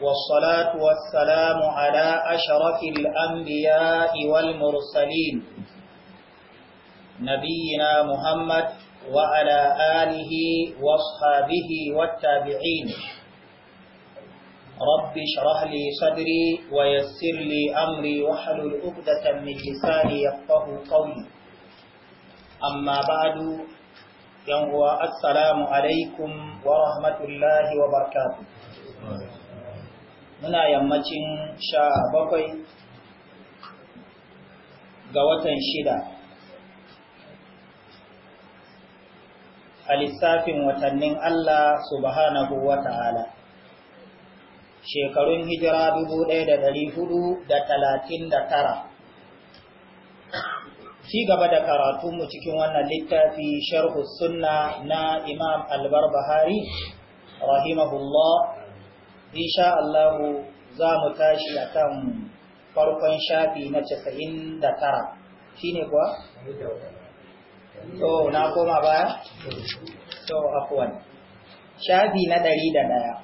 والصلاة والسلام على أشرف الأنبياء والمرسلين نبينا محمد وعلى آله واصحابه والتابعين رب اشرح لي صدري ويسر لي أمري واحلل عقدة من لساني يفقه قولي أما بعد يوم السلام عليكم ورحمة الله وبركاته muna yammacin sha bakwai ga watan shida a lissafin watannin Allah subhanahu wa ta'ala shekarun hijira dubu ɗaya da ɗari hudu da talatin da tara ci gaba da karatunmu cikin wannan littafi sharhu sunna na imam albar albarbahari rahimahullah insha Allah za mu tashi a kan farkon shafi na da shi shine kuwa to na koma baya to afwan shafi na 101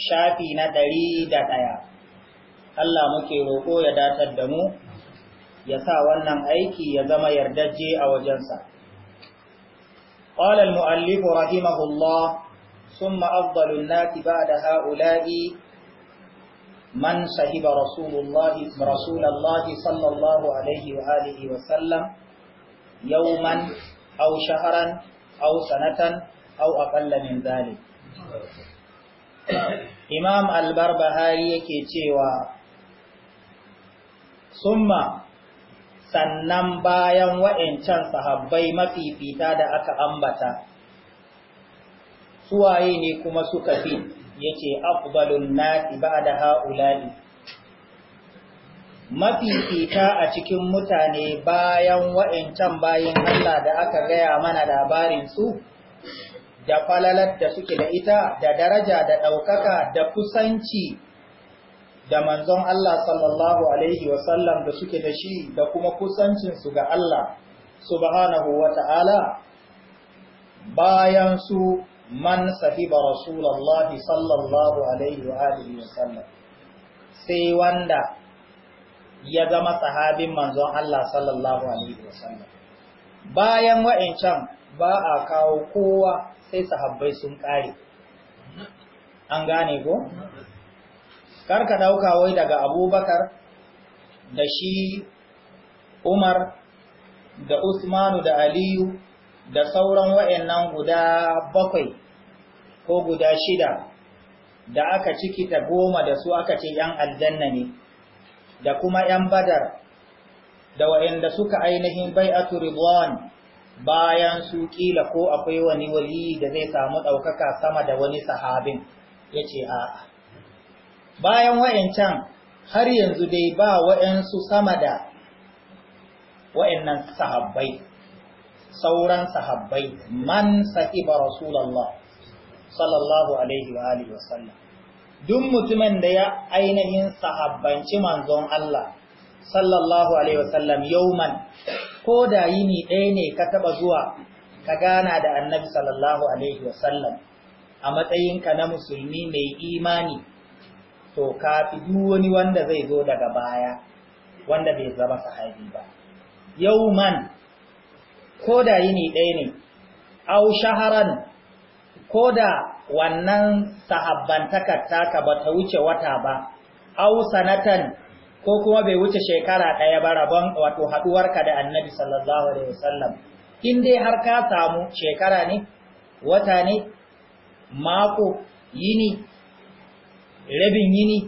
shafi na ɗari da ɗaya. Allah muke roƙo ya datar da mu, ya sa wannan aiki ya zama yardaje a wajensa. Ƙwalar mu'allifu rahimahullah ثم أفضل الناس بعد هؤلاء من صحب رسول الله رسول الله صلى الله عليه وآله وسلم يوما أو شهرا أو سنة أو أقل من ذلك Imam al-Barbahari yake cewa summa sannan bayan wa'ancan sahabbai mafifita da aka ambata suwaye ne kuma suka fi yace afdalun nasi ba'da haula'i mafi fita a cikin mutane bayan wa'ancan bayan Allah da aka gaya mana labarin su da falalar da suke da ita da daraja da ɗaukaka da kusanci da manzon Allah sallallahu alaihi wasallam da suke da shi da kuma kusancinsu ga Allah subhanahu wa ta'ala bayan su man sahiba rasulallahi sallallahu alaihi wa alihi wa sai wanda ya zama sahabin manzon Allah sallallahu alaihi wa sallam bayan wa'ancan ba a kawo kowa sai sahabbai sun kare an gane ko karka dauka wai daga abubakar da shi umar da usmanu da aliyu da sauran wa'annan guda bakwai ko guda shida da aka ciki ta goma da su aka ce ‘yan aljanna ne, da kuma ‘yan badar, da da suka ainihin bai a turibuwan bayan su ƙila ko akwai wani wali da zai samu ɗaukaka sama da wani sahabin, ya ce a'a. Bayan can har yanzu dai ba su sama da wa'yannan sahabbai. sauran sahabbai man sahiba rasulullah sallallahu alaihi wa alihi wasallam duk mutumin da ya ainihin sahabbanci manzon Allah sallallahu alaihi wasallam yauman ko da yini ɗaya ne ka taba zuwa ka gana da annabi sallallahu alaihi wasallam a matsayinka na musulmi mai imani to ka fi duk wani wanda zai zo daga baya wanda bai zama sahabi ba yauman ko da yini ɗaya ne au shaharan ko da wannan sahabbantakar taka ba ta wuce wata ba au sanatan ko kuma bai wuce shekara ɗaya ba rabon wato haɗuwarka da annabi sallallahu alaihi wasallam in dai har ka samu shekara ne wata ne mako yini rabin yini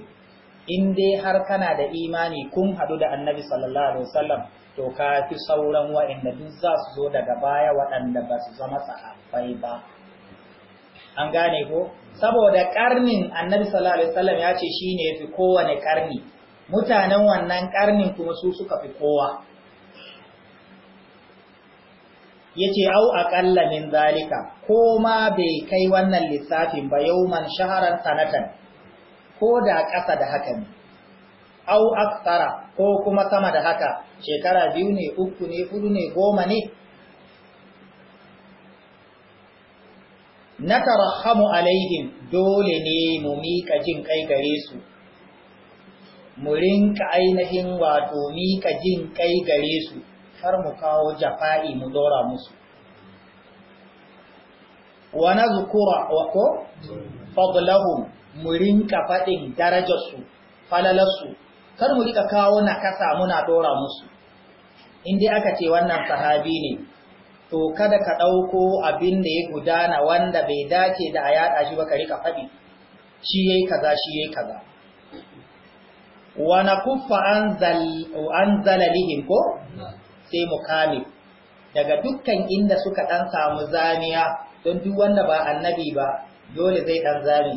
in dai har kana da imani kun haɗu da annabi sallallahu alaihi wasallam to ka fi sauran waɗanda duk za su zo daga baya waɗanda ba su zama sa'afai ba an gane ko saboda ƙarnin annabi sallallahu alaihi ya ce shine fi kowane karni mutanen wannan ƙarnin kuma su suka fi kowa yace au aqalla min zalika ko ma bai kai wannan lissafin ba yauman shaharan sanatan ko da ƙasa da haka ne au aksara ko kuma sama da haka shekara biyu ne uku ne hudu ne goma ne na tarahamu alaihim dole ne mu miƙa jin kai gare su mu rinka ainihin wato miƙa jin kai gare su har mu kawo jafa'i mu dora musu wa na zukura wako fadlahum mu rinka faɗin darajarsu falalarsu kar mu rika kawo na kasa muna dora musu in dai aka ce wannan sahabi ne to kada ka ɗauko abin da ya gudana wanda bai dace da a yaɗa shi ba ka rika faɗi shi yayi kaza shi yayi kaza wa kuffa an zalalihim ko sai mu kame daga dukkan inda suka ɗan samu zaniya don duk wanda ba annabi ba dole zai ɗan zami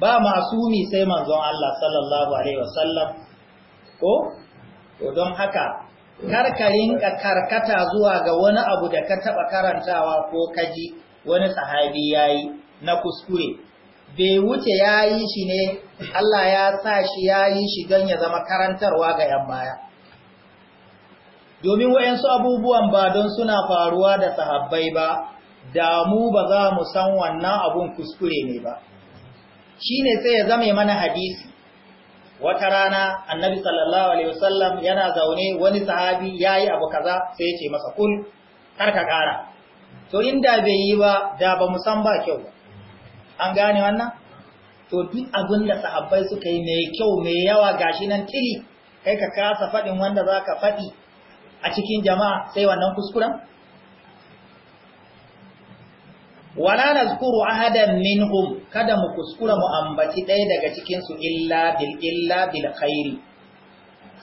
ba masumi sai manzon Allah sallallahu alaihi wasallam ko to don haka karkarin ka karkata zuwa ga wani abu da ka taba karantawa ko kaji wani sahabi yayi na kuskure bai wuce yayi shi ne Allah ya sa shi yayi shi don ya zama karantarwa ga yan baya domin wayansu abubuwan ba don suna faruwa da sahabbai ba da mu ba za mu san wannan abun kuskure ne ba shine sai ya zame mana hadisi wata rana annabi sallallahu alaihi wasallam yana zaune wani sahabi yayi abu kaza sai ya ce masa kul kar ka kara to inda bai yi ba da ba mu san ba kyau an gane wannan to duk abin da sahabbai suka yi mai kyau mai yawa gashi nan tili kai ka kasa faɗin wanda zaka faɗi a cikin jama'a sai wannan kuskuren wala nazkuru ahadan minhum kada mu kuskura mu ambaci ɗaya daga cikin su illa bil illa bil khairi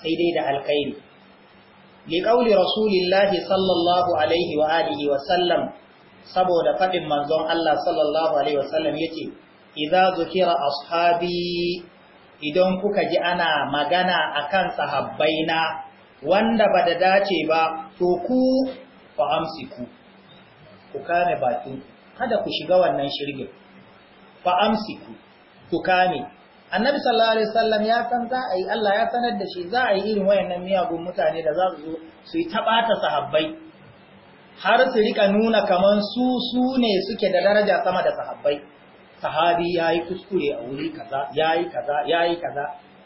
sai dai da alkhairi li qauli rasulillahi sallallahu alaihi wa alihi wa sallam saboda fadin manzon Allah sallallahu alaihi wa sallam yace idza zukira ashabi idan kuka ji ana magana akan sahabbaina wanda ba da dace ba to ku fa amsiku ku kame bakinku.' kada ku shiga wannan shirgin fa amsiku ku kame annabi sallallahu alaihi wasallam ya san za a yi Allah ya sanar da shi za a yi irin wayannan miyagun mutane da za su zo su yi tabata sahabbai har su rika nuna kaman su su ne suke da daraja sama da sahabbai sahabi yayi kuskure a wuri kaza yayi kaza yayi kaza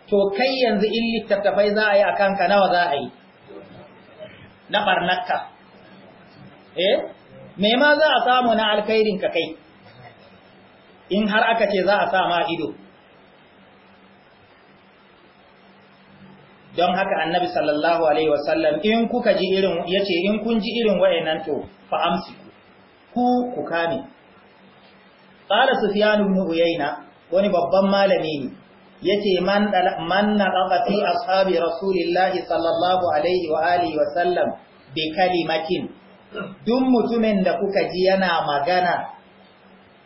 to kai yanzu in littattafai za a yi akan ka nawa za a yi na ɓarnaka. eh me ma za a samu na alkhairin kai in har aka ce za a sa ma ido don haka annabi sallallahu alaihi wasallam in kuka ji irin yace in kun ji irin wayannan to fa amsi ku ku kame qala sufyan ibn uyayna wani babban malami ne yace man man naqa fi ashabi rasulillahi sallallahu alaihi wa alihi wasallam bi kalimatin duk mutumin da kuka ji yana magana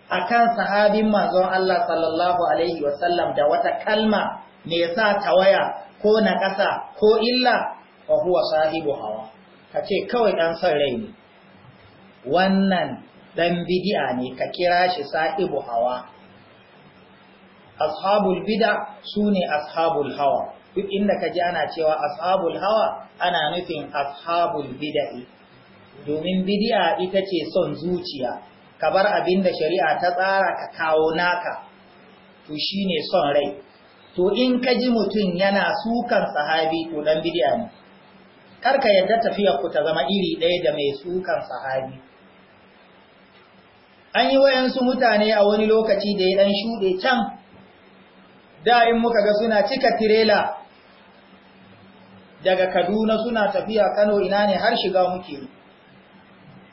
a kan sahabin manzon Allah sallallahu alaihi wasallam da wata kalma me ta tawaya ko na ƙasa ko illa wa huwa sahibu hawa ce kawai ɗan san rai ne wannan ɗan bidi'a ne ka kira shi sahibu hawa ashabul bid'a su ne ashabul hawa duk inda ka ji ana cewa ashabul hawa ana nufin ashabul bid'i domin bidiya ita ce son zuciya ka bar abin da shari'a ta tsara ka kawo naka to shine son rai to in ka ji mutum yana sukan sahabi to dan bidiya ne kar ka yadda tafiya ku ta zama iri ɗaya da mai sukan sahabi an yi wayansu mutane a wani lokaci da ya dan shuɗe can da in muka ga suna cika tirela daga Kaduna suna tafiya Kano ina ne har shiga muke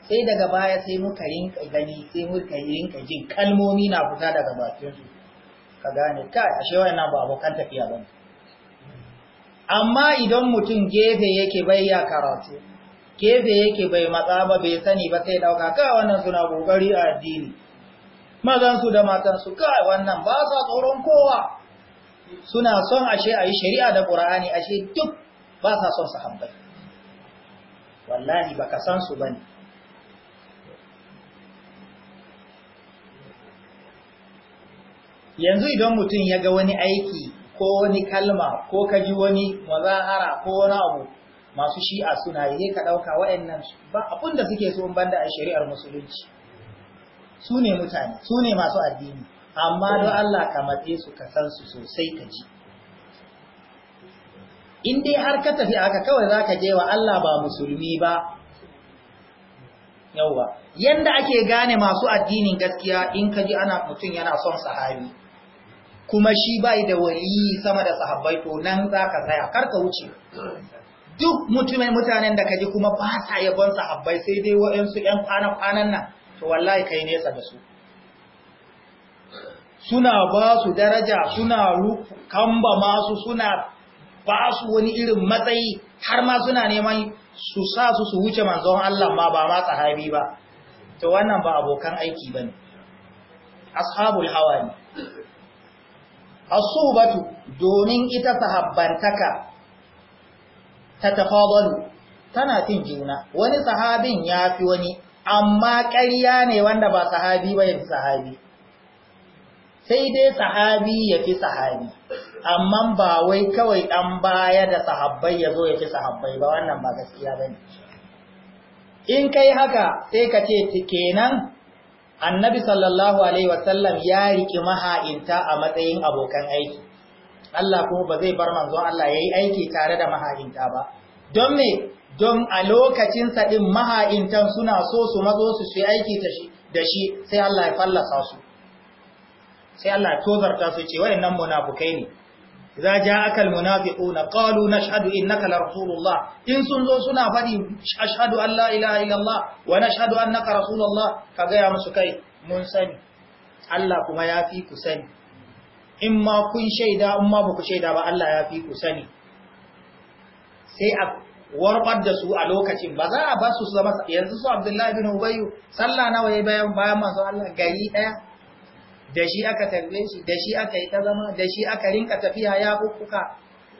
sai daga baya sai muka rinka gani sai muka rinka jin kalmomi na fita daga bakinsu ka gane kai ashe wannan ba abokan tafiya ba amma idan mutum gefe yake bai ya karatu gefe yake bai matsa ba bai sani ba sai dauka kai wannan suna kokari a addini mazan su da matan su kai wannan ba sa tsoron kowa suna son ashe ayi shari'a da qur'ani ashe duk ba sa son sahabbai wallahi baka san su bane yanzu idan mutum ya ga wani aiki ko wani kalma ko ka ji wani mazahara ko wani abu masu shi'a suna yi ka ɗauka waɗannan ba abin da suke so banda a shari'ar musulunci su ne mutane su ne masu addini amma don Allah ka matse su ka san su sosai ka ji in dai har ka tafi aka kawai za ka je wa Allah ba musulmi ba yauwa yanda ake gane masu addinin gaskiya in ka ji ana mutum yana son sahabi kuma shi bai da waliyi sama da sahabbai to nan zaka ka kar ka wuce duk mutumin mutanen da kaji kuma ba sa yabon sahabbai sai dai waɗansu ‘yan kwana-kwanan nan to wallahi kai nesa da su suna ba su daraja suna kamba masu suna ba su wani irin matsayi har ma suna neman su sa su su wuce manzon Allah ma ba ma sahabi ba to wannan ba abokan aiki ba ne ashabul hawa ne asubatu domin ita sahabbantaka ta tafadalu tana cin juna wani sahabin ya fi wani amma ƙarya ne wanda ba sahabi ba ya fi sahabi sai dai sahabi ya fi sahabi amma ba wai kawai ɗan baya da sahabbai ya zo ya fi sahabbai ba wannan ba gaskiya ba ne in kai haka sai ka ce kenan annabi sallallahu alaihi wasallam ya riki maha'inta a matsayin abokan aiki Allah kuma ba zai bar manzon Allah ya yi aiki tare da maha'inta ba don me don a lokacin sa maha'intan suna so su mazo su aiki da shi sai Allah ya fallasa su sai Allah ya tozarta su ce wayannan munafukai ne idza ja'aka almunafiquna qalu na innaka la rasulullah in sun zo suna faɗi ashhadu an la ilaha illallah wa nashhadu annaka rasulullah Ka gaya musu kai mun sani Allah kuma ya fi ku sani in ma kun shaida in ma ba ku shaida ba Allah ya fi ku sani sai a warbar da su a lokacin ba za a ba su zama yanzu su Abdullahi bin Ubayyu sallah nawa ya bayan bayan masu Allah gari ɗaya? da shi aka tarbe shi da shi aka yi ta zama da shi aka rinka tafiya ya bukuka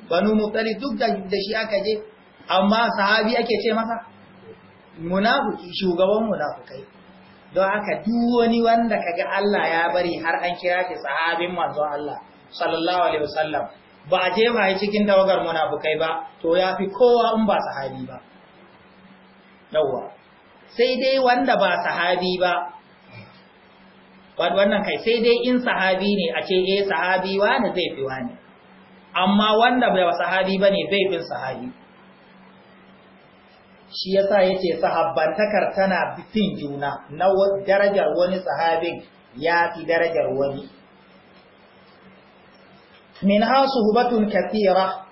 banu mutsali duk da shi aka je amma sahabi ake ce masa munafiki shugaban munafukai don haka duk wani wanda kaga Allah ya bari har an kira shi sahabin manzon Allah sallallahu alaihi wasallam ba a je ba cikin tawagar munafukai ba to ya fi kowa in ba sahabi ba yawwa sai dai wanda ba sahabi ba wannan kai sai dai in sahabi ne a ce eh sahabi wani zai fi wani amma wanda bai wa sahabi bane bai bin sahabi shi yasa yace sahabbantakar tana fin juna na darajar wani sahabin ya fi darajar wani min suhbatun kathira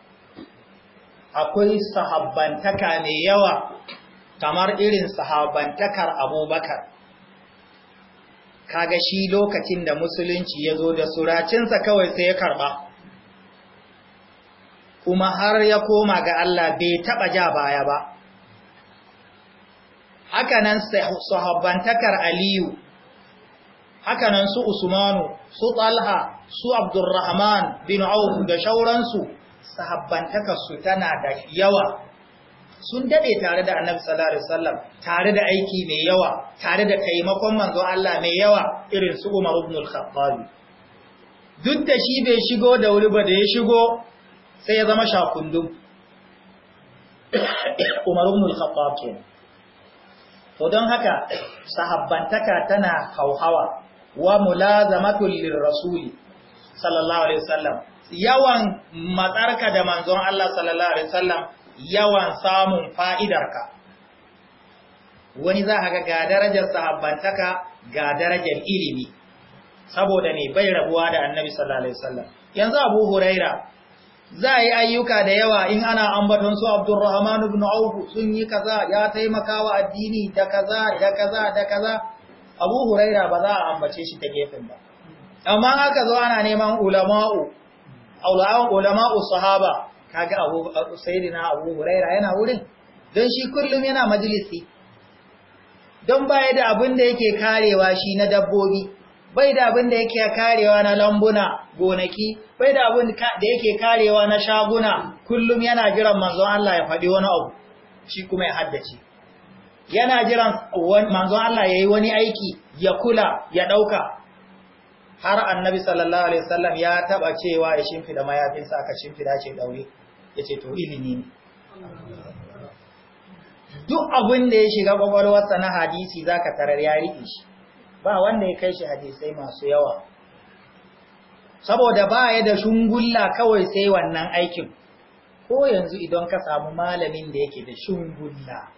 akwai sahabbantaka mai yawa kamar irin sahabbantakar abubakar kaga shi lokacin da musulunci ya zo da suracinsa kawai sai ya karba kuma har ya koma ga Allah bai taɓa ja baya ba hakanan sahabbantakar aliyu hakanan su usmanu su talha su abdurrahman bin auf da shauransu sahabbantakarsu tana da yawa sun dade tare da annabi sallallahu alaihi wasallam tare da aiki mai yawa tare da taimakon manzo Allah mai yawa irin su Umar ibn al-Khattab duk da shi bai shigo da wuri ba da ya shigo sai ya zama shakundum Umar ibn al-Khattab to don haka sahabbantaka tana hauhawa wa mulazamatul lirrasul sallallahu alaihi wasallam yawan matsarka da manzon Allah sallallahu alaihi wasallam yawan samun fa'idarka wani za a ga darajar sahabbantaka ga darajar ilimi saboda ne bai rabuwa da annabi sallallahu alaihi wasallam yanzu abu huraira za a yi ayyuka da yawa in ana ambaton su abdurrahman ibn Auku sun yi kaza ya taimakawa addini da kaza da kaza da kaza abu huraira ba za a ambace shi ta gefen ba amma haka zo ana neman ulama'u ulama'u sahaba kaga abu sayyidina abu huraira yana wurin don shi kullum yana majalisi don baya da abin da yake karewa shi na dabbobi bai da abin da yake karewa na lambuna gonaki bai da abin da yake karewa na shaguna kullum yana jiran manzo Allah ya faɗi wani abu shi kuma ya haddace yana jiran manzo Allah ya yi wani aiki ya kula ya ɗauka har annabi sallallahu alaihi wasallam ya taba cewa ya shimfida mayafinsa aka shimfida ce daure yace to ilimi ne duk abin da ya shiga sa na hadisi zaka tarar ya riƙe shi ba wanda ya kai shi hadisai masu yawa saboda ba ya da shungulla kawai sai wannan aikin ko yanzu idan ka samu malamin da yake da shungulla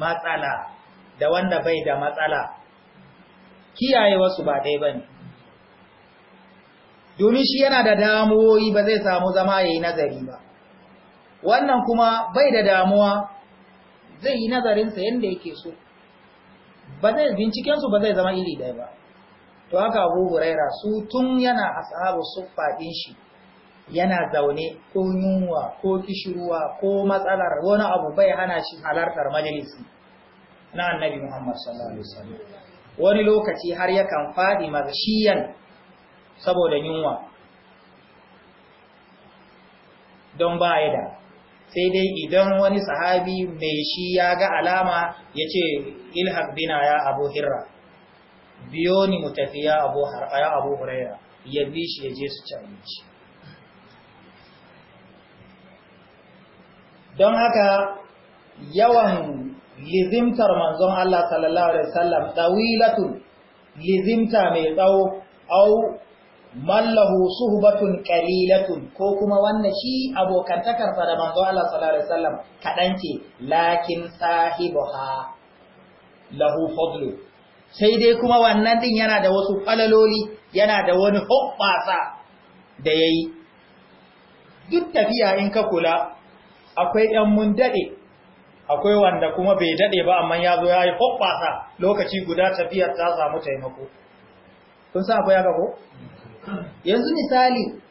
matsala da wanda bai da matsala kiyaye wasu ba dai bane domin shi yana da damuwoyi ba zai samu zama ya yi nazari ba wannan kuma bai da damuwa zai yi nazarinsa yadda yake so ba zai bincikensu ba zai zama iri ɗaya ba to haka abu huraira su tun yana su faɗin shi yana zaune ko yunwa ko kishirwa ko matsalar wani abu bai hana shi halartar majalisi na annabi muhammad sallallahu alaihi wasallam wani lokaci har yakan faɗi mazashiyan saboda yunwa don baya da sai dai idan wani sahabi mai shi ya ga alama ya ce ilhaq bina ya abu hirra biyo ni mu ya abu ya abu huraira ya bi shi ya je su ci don haka yawan lizimtar manzon Allah sallallahu alaihi wasallam dawilatul lizimta mai tsawo au mallahu suhbatun qalilatun ko kuma wannan shi abokantakarsa da manzo Allah sallallahu alaihi wasallam kadan ce lakin sahibuha lahu fadlu sai dai kuma wannan din yana da wasu falaloli yana da wani hubbasa da yayi duk tafiya in ka kula akwai dan mun dade akwai wanda kuma bai dade ba amma ya zo yayi hubbasa lokaci guda tafiyar ta samu taimako kun sa akwai haka ko yanzu misali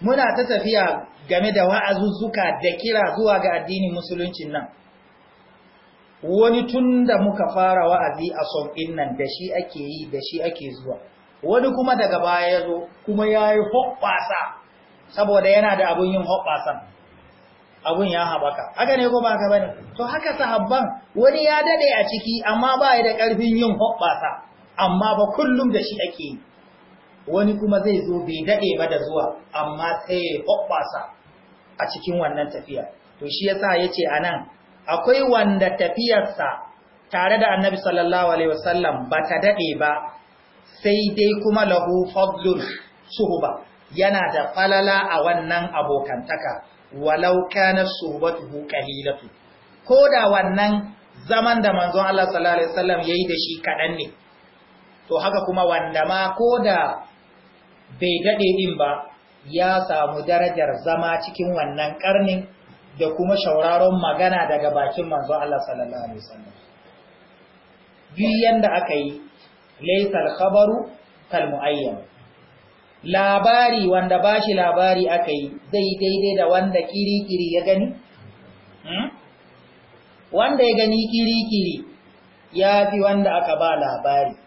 muna ta tafiya game da wa'azuzzuka da kira zuwa ga addinin musuluncin nan wani tun da muka fara wa'azi a son nan da shi ake yi da shi ake zuwa wani kuma daga baya ya zo kuma ya yi saboda yana da abun yin hoɓɓasan abun ya haɓaka haka ne ko ba ka bane to haka sahabban wani ya daɗe a ciki amma ba ya da ƙarfin yin hoɓɓasa amma ba kullum da shi ake yi wani kuma zai zo bai daɗe ba da zuwa amma sai ya a cikin wannan tafiya to shi yasa yace anan akwai wanda tafiyarsa tare da annabi sallallahu alaihi wasallam ba ta daɗe ba sai dai kuma lahu fadlun suhuba yana da falala a wannan abokantaka walau kana suhbatuhu qalilatu ko da wannan zaman da manzon Allah sallallahu alaihi wasallam yayi da shi kadan ne to haka kuma wanda ma koda bai daɗe din ba ya samu darajar zama cikin wannan karnin da kuma shauraron magana daga bakin manzo Allah sallallahu alaihi wasallam yanda aka yi laysal khabaru kal labari wanda bashi labari aka yi zai daidai da wanda kiri-kiri ya gani hmm? wanda ya gani kiri-kiri ya fi wanda aka ba labari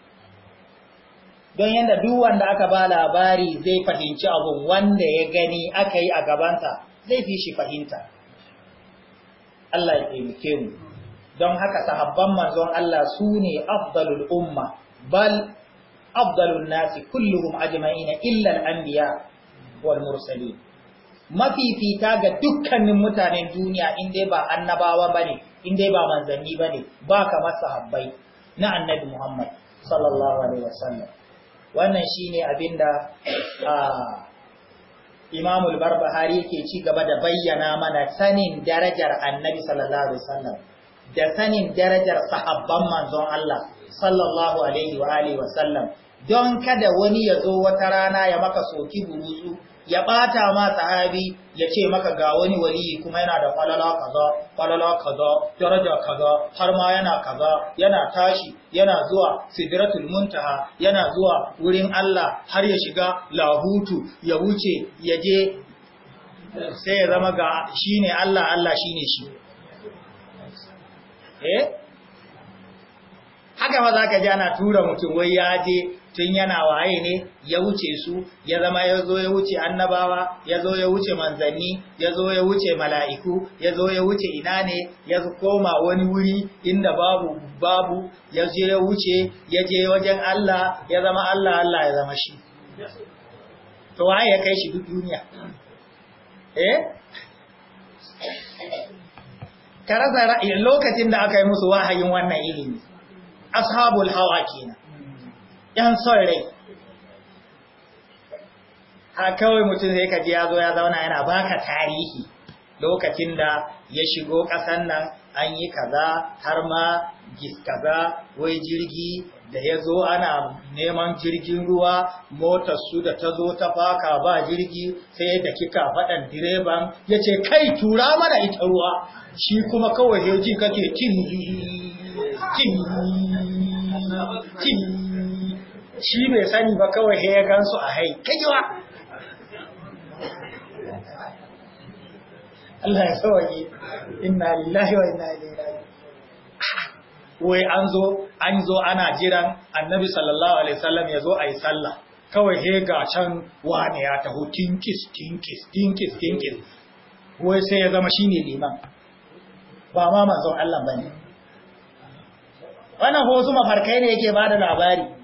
don yadda duk wanda aka ba labari zai fahimci abu wanda ya gani aka yi a gabanta, zai fi shi fahimta Allah ya taimake mu don haka sahabban manzon Allah su ne afdalul umma bal afdalul nasi kulluhum ajma'ina illa al-anbiya wal mafi mafifita ga dukkanin mutanen duniya in ba annabawa ba ne in ba manzanni ba ne ba kamar sahabbai na annabi Muhammad sallallahu alaihi wasallam wannan shine abin Imam al-Barbahari yake ci gaba da bayyana mana sanin darajar Annabi sallallahu alaihi wasallam da sanin darajar sahabban manzon Allah sallallahu alaihi wa alihi wasallam don kada wani ya zo wata rana ya maka soki buruzu ya ɓata ma sahabi ya ce maka ga wani waliyi kuma yana da falala kaza falala kaza daraja kaza har ma yana kaza yana tashi yana zuwa sidratul muntaha yana zuwa wurin Allah har ya shiga lahutu ya wuce ya je sai ya zama ga shine Allah Allah shine shi eh haka ma zaka ji ana tura mutum wai ya je tun yana waye ne ya wuce su ya zama ya zo ya wuce annabawa ya zo ya wuce manzanni ya zo ya wuce mala'iku ya zo ya wuce ina ne ya koma wani wuri inda babu babu ya je ya wuce ya je wajen Allah ya zama Allah Allah ya zama shi to waye ya kai shi duk duniya eh ka rasa lokacin da aka yi musu wahayin wannan ilimi ashabul hawa kenan 'yan son rai a kawai mutum zai kaji ya zo ya zauna yana baka tarihi lokacin da ya shigo ƙasan nan an yi kaza har ma kaza wai jirgi da ya zo ana neman jirgin ruwa motar su da ta zo ta faka ba jirgi sai da kika faɗan direban ya ce kai tura mana ita ruwa shi kuma kawai ji kake tin tin tin shi bai sani ba kawai sai ya gansu a hai kajewa Allah ya sauwaye inna lillahi wa inna ilaihi raji'un wai an zo an zo ana jiran annabi sallallahu alaihi wasallam ya zo ayi sallah kawai he ga can wane ya taho tinkis tinkis tinkis tinkis wai sai ya zama shine liman ba ma manzon Allah bane wannan ho su mafarkai ne yake bada labari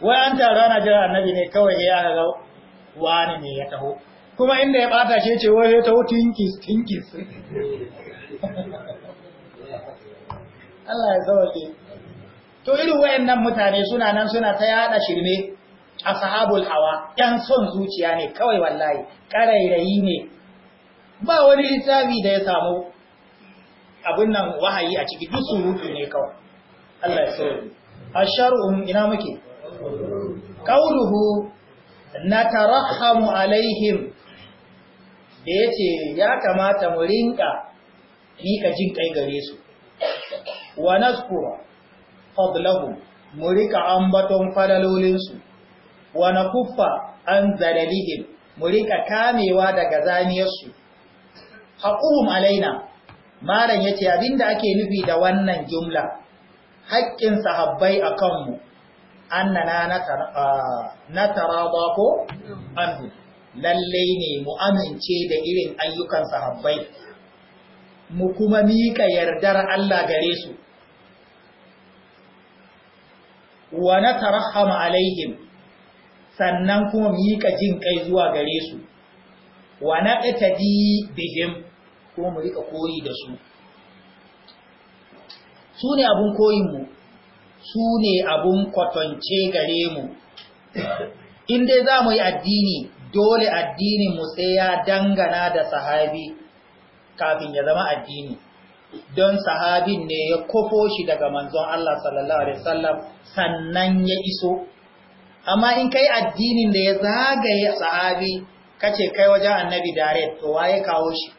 wai an taro ana jira annabi ne kawai ya ga wani ne ya taho kuma inda ya bata shi ce wai ya taho tinkis tinkis Allah ya sauke to irin wayannan mutane suna nan suna ta yada shirme ashabul hawa yan son zuciya ne kawai wallahi karairayi ne ba wani littafi da ya samu abin nan wahayi a ciki duk surutu ne kawai Allah ya sauke asharuhum ina muke qauluhu natarahamu alaihim da yace ya kamata mu rinka ka jin kai gare su wa nazkura fadlahu mu rika ambaton falalolin su wa nakuffa an zalalihim mu rika kamewa daga zaniyar su alaina malam yace abinda ake nufi da wannan jumla haƙƙin sahabbai a kanmu annana na taraba ko anhu lallai ne mu amince da irin ayyukan sahabbai mu kuma mika yardar Allah gare su wa na tarahama alaihim sannan kuma mika jin kai zuwa gare su wa na ɗatadi bihim ko mu rika koyi da su su ne abun koyinmu su ne abun kwatance gare mu in dai za mu yi addini dole addininmu sai ya dangana da sahabi kafin ya zama addini don sahabin ne ya kofo shi daga manzon Allah sallallahu Alaihi wasallam sannan ya iso amma in kai addinin da ya zagaye sahabi kace kai wajen annabi dare to waye kawo shi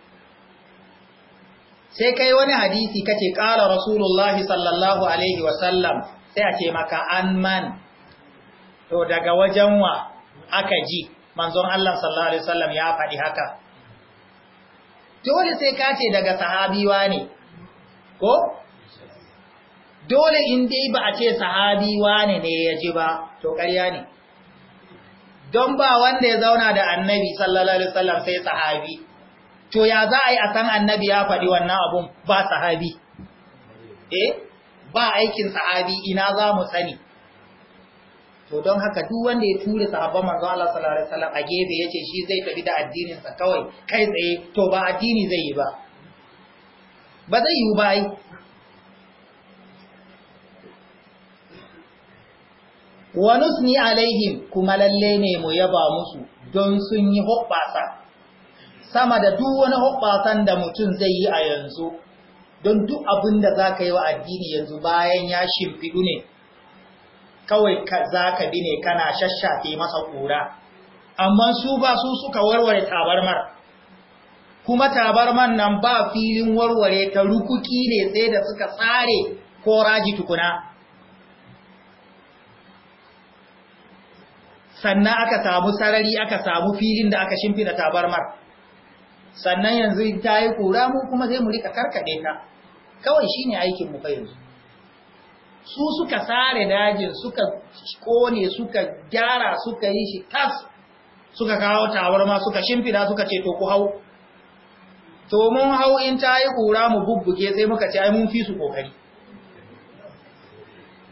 sai kai wani hadisi kace ƙara rasulullahi sallallahu alaihi wasallam sai a ce maka an man to daga wajen wa aka ji manzon Allah sallallahu alaihi wasallam ya faɗi haka dole sai ka ce daga sahabi ne ko dole in dai ba a ce sahabi ne ne ya ji ba to ƙarya ne don ba wanda ya zauna da annabi sallallahu alaihi wasallam sai sahabi to ya za a yi a san annabi ya faɗi wannan abun ba sahabi eh ba aikin sahabi ina za mu sani to don haka duk wanda ya tura sahabban manzo Allah sallallahu alaihi wasallam a gefe yace shi zai tafi da addinin sa kawai kai tsaye to ba addini zai yi ba ba zai yi ba wa nusni alaihim kuma lalle ne mu yaba musu don sun yi hoɓɓasa sama da duk wani hoɓɓasan da mutum zai yi a yanzu don duk abin da za ka yi wa addini yanzu bayan ya shimfiɗu ne kawai za ka bi ne kana shashafe masa ƙura amma su ba su suka warware tabarmar kuma tabarmar nan ba filin warware ta rukuki ne sai da suka tsare ko raji tukuna sannan aka samu sarari aka samu filin da aka shimfida tabarmar sannan yanzu ta yi kura mu kuma zai mu rika karkade ta kawai shine aikin mu kai yanzu su suka sare dajin suka kone suka gyara suka yi shi tas suka kawo tawarma suka shimfida suka ce to ku hau to mun hau in ta yi kura mu bubbuge sai muka ce ai mun fi su kokari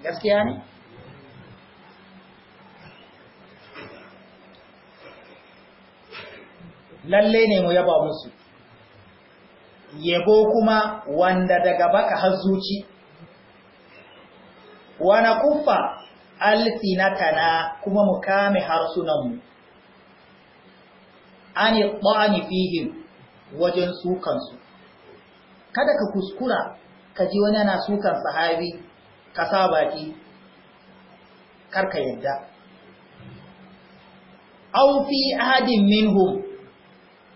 gaskiya ne lalle ne mu yaba musu yabo kuma wanda daga baka har zuci wana kuffa alfinatana kuma mu kame harsunanmu ani ɗani fihim wajen sukansu kada ka kuskura ka ji wani yana sukan sahabi ka sa baki karka yadda aufi fi ahadin minhum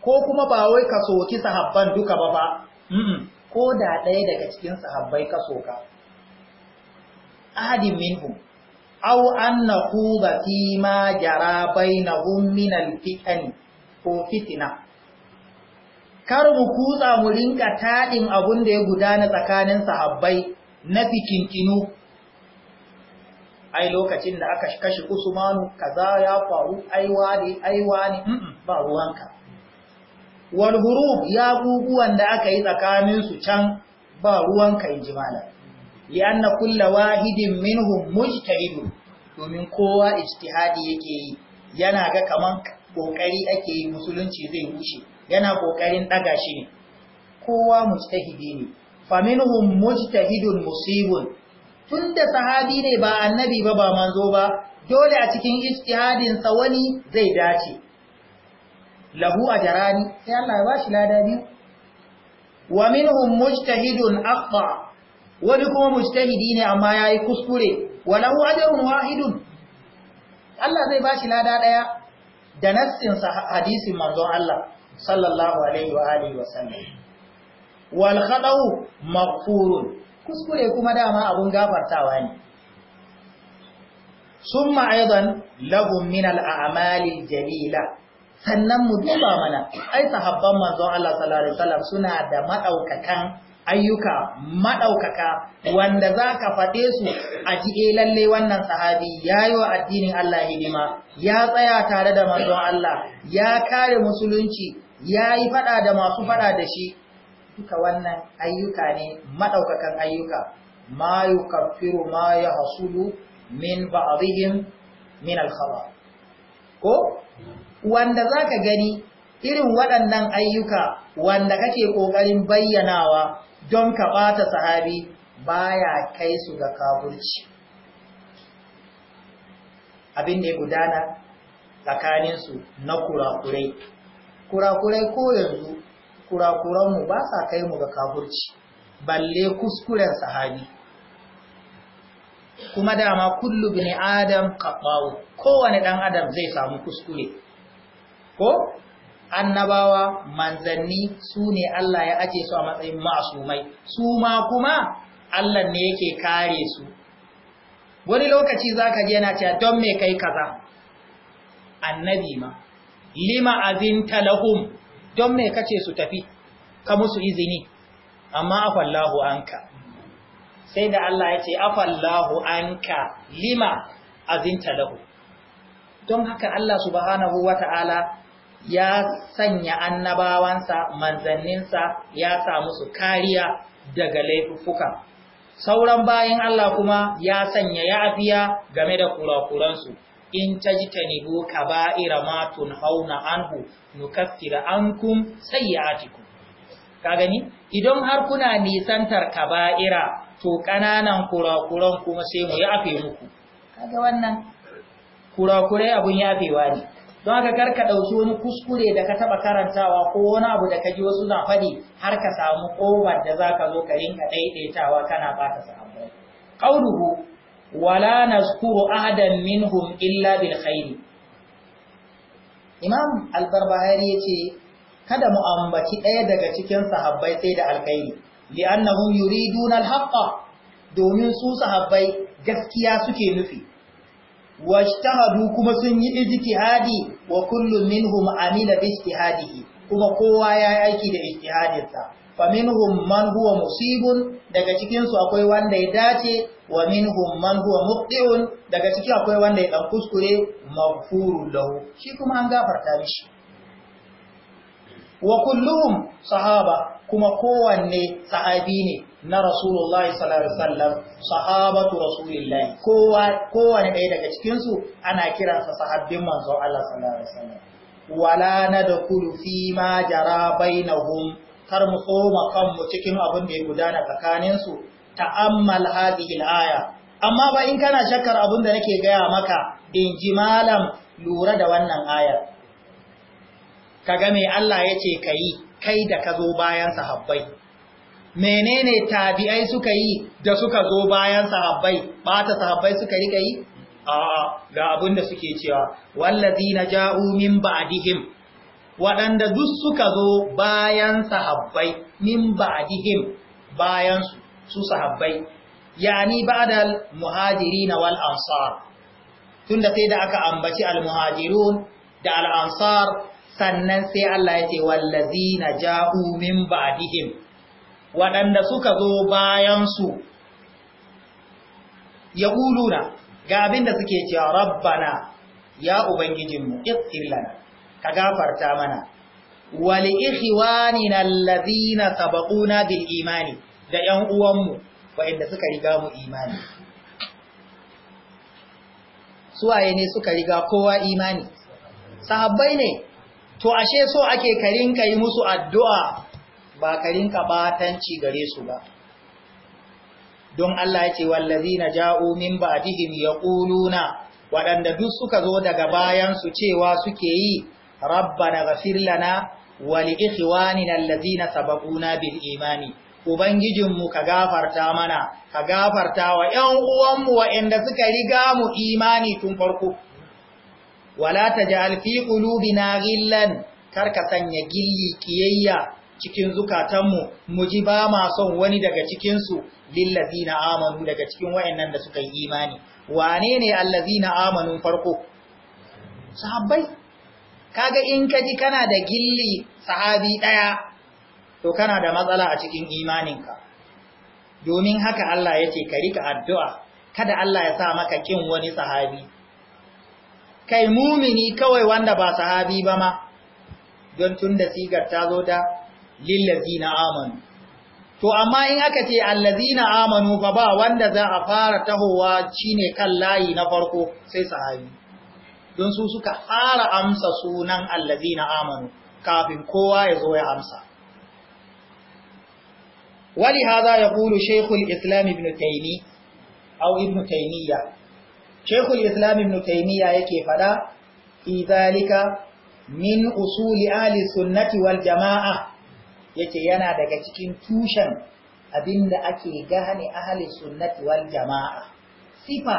ko kuma ba wai ka soki sahabban duka ba ba ko da ɗaya daga cikin sahabbai ka soka ahadin minhum aw anna khuda fi ma jara bainahum min al-fitan ko fitina kar mu kutsa mu rinka taɗin abun da ya gudana tsakanin sahabbai na fikinkinu. ai lokacin da aka kashe usmanu kaza ya faru aiwa ne ba ruwanka Walburu ya guguwan da aka yi tsakaninsu can ba ruwan ka yi jimala anna kulla wahidin minhum mujtahidu domin kowa ijtihadi yake yi yana ga kaman kokari ake yi musulunci zai rushe yana kokarin daga shi ne kowa mujtahidi ne fa minhum mujtahidun musibun tunda sahabi ne ba annabi ba ba manzo ba dole a cikin ijtihadin sa wani zai dace lahu a ajrani sai Allah ya bashi lada biyu wa minhum mujtahidun akhta wani kuma mujtahidi ne amma yayi kuskure wa lahu ajrun wahidun Allah zai bashi lada daya da nassin hadisin manzon Allah sallallahu alaihi wa alihi wa sallam wal khata'u maghfurun kuskure kuma dama abun gafartawa ne summa aidan lahum min al a'mali jalila sannan mu duba mana ai sahabban manzon Allah sallallahu alaihi wasallam suna da madaukakan ayyuka madaukaka wanda zaka fade su a ji eh, lalle wannan sahabi yayo addinin Allah hidima ya tsaya tare da manzon Allah ya kare musulunci yayi fada da masu fada da shi duka wannan ayyuka ne madaukakan ayyuka ma yukaffiru ma yahsulu min ba'dihim min al-khata ko wanda za ka gani irin waɗannan ayyuka wanda kake ƙoƙarin bayyanawa don ka ɓata sahabi baya kai su ga kaburci abin da ya gudana tsakaninsu na kurakurai kurakurai ko yanzu kurakuranmu ba sa kai mu ga kaburci balle kuskuren sahabi kuma dama kullum bin adam kaɓawo kowane ɗan adam zai samu kuskure ko annabawa manzanni su ne Allah ya ake su a matsayin masumai su ma kuma Allah ne yake kare su wani lokaci za je yana cewa don me kai kaza annabi ma lima azinta lahum don me kace su tafi ka musu izini amma afallahu anka sai da Allah ya ce afallahu anka lima azinta lahum don haka Allah subhanahu wata'ala ya sanya annabawansa manzanninsa ya sa musu kariya daga laifuka. sauran bayan Allah kuma ya sanya ya afiya game da kurakuransu in ta tajtanibu kaba'ira ma tunhauna anhu nukaffira ankum sayyi'atikum ka gani idan har kuna nisantar kaba'ira to kananan kurakuran kuma sai mu afi muku kaga wannan kurakurai abun yafewa ne don haka kar ka ɗauki wani kuskure da ka taɓa karantawa ko wani abu da ka ji wasu na faɗi har ka samu ƙofar da za ka zo ka rinka ɗaiɗaitawa kana ɓata sahabbai qauluhu wala nazkuru ahadan hum illa bil khairi imam al-barbahari ce, kada mu ambaci ɗaya daga cikin sahabbai sai da alkhairi li'annahum yuriduna al-haqqa domin su sahabbai gaskiya suke nufi washtahadu kuma sun yi ijtihadi wa kullum minhum amila bi ijtihadihi kuma kowa ya yi aiki da ijtihadinsa fa minhum man huwa musibun daga cikinsu akwai wanda ya dace wa minhum man huwa muqti'un daga ciki akwai wanda ya ɗan kuskure maghfurun lahu shi kuma an gafar mishi wa kulluhum sahaba kuma kowanne sahabi ne na Rasulullahi sallallahu alaihi wasallam sahabatu Rasulillahi kowa kowanne ɗaya daga cikin su ana kiransa sahabbin manzo Allah sallallahu alaihi wasallam wala nadkhulu fi ma jara bainahum kar mu tsoma kanmu cikin abin da ya gudana tsakanin su ta'ammal hadhihi al-aya amma ba in kana shakkar abin da nake gaya maka in ji malam lura da wannan ayar kaga me Allah yace kai kai da ka zo bayan sahabbai menene tabi'ai suka yi da suka zo bayan sahabbai bata sahabbai suka rika yi a'a ga abin da suke cewa wallazina ja'u min ba'dihim waɗanda duk suka zo bayan sahabbai min ba'dihim bayan su sahabbai yani ba'dal muhajirin wal ansar tunda sai da aka ambaci al muhajirun da al ansar sannan sai Allah ya ce na ja'u min ba'dihim waɗanda suka zo bayan su uluna ga abin da suke cewa rabbana ya ubangijinmu mu lana ka gafarta mana wal ikhwanina allazina sabaquna bil imani da yan uwanmu waɗanda suka riga mu imani suwaye ne suka riga kowa imani sahabbai ne to ashe so ake karinka yi musu addu'a ba karinka batanci gare su ba don Allah ya ce wallazi na ja'o min ba dihim ya ƙuluna waɗanda duk suka zo daga bayan su cewa suke yi rabba na gafir lana wali ikiwani na lazi na sababuna bil imani Ubangijinmu ka gafarta mana, ka gafarta wa ‘yan uwanmu wa'yanda suka riga mu imani tun farko, wala ta ji fi qulubina na kar ka sanya gilli kiyayya cikin zukatanmu mu ji ba ma son wani daga cikinsu na amanu daga cikin wayannan da suka yi imani wane ne na amanu farko sahabbai kaga in ka ji kana da gilli sahabi ɗaya? to kana da matsala a cikin imaninka domin haka Allah ya yace ka rika addu'a kada Allah ya sa maka kin wani sahabi kai mumini kawai wanda ba sahabi ba ma don tun da sigar ta zo da na amanu to amma in aka ce allazina amanu fa ba wanda za a fara tahowa shine kan layi na farko sai sahabi don su suka fara amsa sunan na amanu kafin kowa ya zo ya amsa wali ya yaqulu shaykhul islam ibn taymi aw shekul islam ibn taymiya yake fada izalika min usuli ahli sunnati wal jamaa yace yana daga cikin tushen abinda ake gane ahli sunnati wal jamaa sifa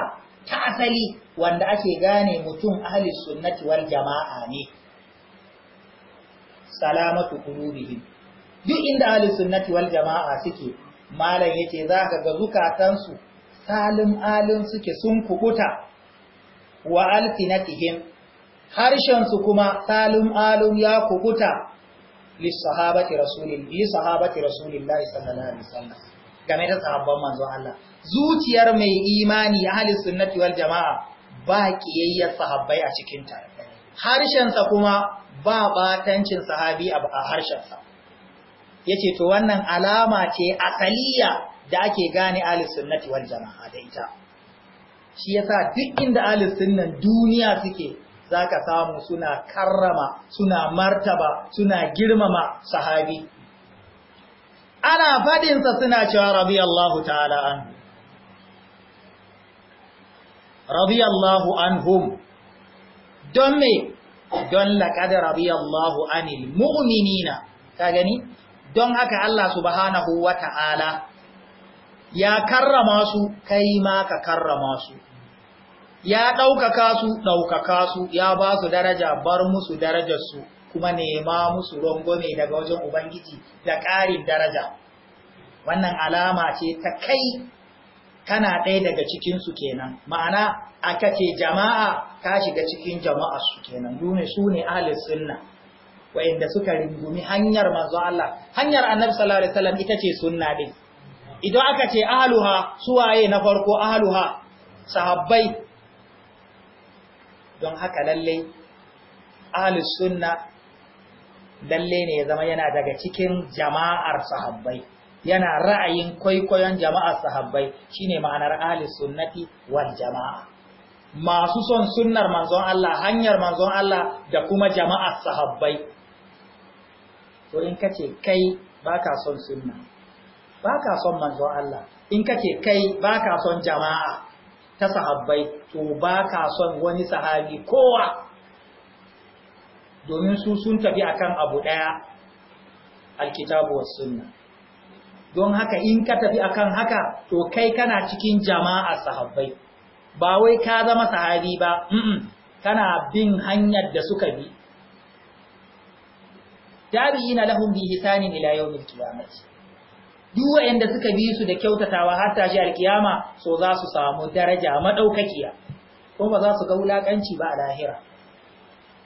ta asali wanda ake gane mutum ahli sunnati wal jamaa ne salamatu qulubihim duk inda ahli sunnati wal jamaa suke malam yace zaka ga zukatansu salin alin suke sun kubuta wa alfinatihim su kuma salin alin ya kubuta sahabati rasulillahi sallallahu alaihi wasallam game da sahabban manzo Allah zuciyar mai imani ahli sunnati wal jamaa ba kiyayyar sahabbai a cikin ta harshensa kuma ba batancin sahabi a harshensa yace to wannan alama ce asaliya da ake gane alis sunnati wal jama'a da ita shi yasa duk inda alis sunnan duniya suke zaka samu suna karrama suna martaba suna girmama sahabi ana fadin sa suna cewa radiyallahu ta'ala an radiyallahu anhum don me don laqad radiyallahu anil mu'minina ka gani don haka Allah subhanahu wata'ala ya karrama su kai ma ka karrama su ya ɗaukaka su ɗaukaka su ya ba su daraja bar musu darajarsu kuma nema musu rangwame daga wajen ubangiji da ƙarin daraja wannan alama ce ta kai kana ɗaya daga cikinsu kenan ma'ana aka ce jama'a ka shiga cikin jama'arsu kenan dune su ne ahalin sunna wa'inda suka rungumi hanyar manzo Allah hanyar annabi sallallahu alaihi wasallam ita ce sunna din idan aka ce ahaluha suwaye na farko ahaluha sahabbai don haka lalle ahalus sunna lalle ne ya zama yana daga cikin jama'ar sahabbai yana ra'ayin kwaikwayon jama'ar sahabbai shine ma'anar ahalus sunnati wal jama'a masu son sunnar manzon Allah hanyar manzon Allah da kuma jama'ar sahabbai to in kace kai baka son sunna ba ka son manzon Allah in kake kai ba ka son jama'a ta sahabbai to ba ka son wani sahabi kowa domin su sun tafi akan abu daya alkitabu was sunna don haka in ka tafi akan haka to kai kana cikin jama'a sahabbai ba wai ka zama sahabi ba kana bin hanyar da suka bi tabi'ina lahum bi hisanin ila yawmil qiyamah duk waɗanda suka bi su da kyautatawa har shi alkiyama so za su samu daraja madaukakiya kuma ba za su ga wulakanci ba a lahira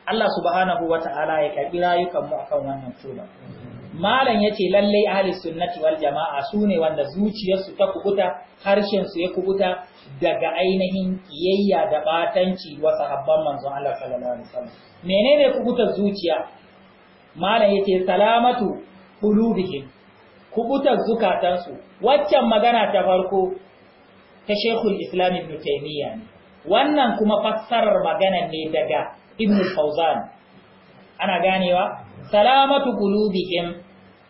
Allah subhanahu wata'ala ya karbi rayukan mu akan wannan tuba malam yace lalle ahli sunnati wal jamaa sune wanda zuciyarsu ta kubuta harshen su ya kubuta daga ainihin kiyayya da batanci wa sahabban manzo Allah sallallahu alaihi wasallam menene kubutar zuciya malam yace salamatu qulubihim kubutar zukatansu waccan magana ta farko ta shekul islam ibn taimiyya ne wannan kuma fassarar magana ne daga ibn fauzan ana ganewa salamatu qulubihim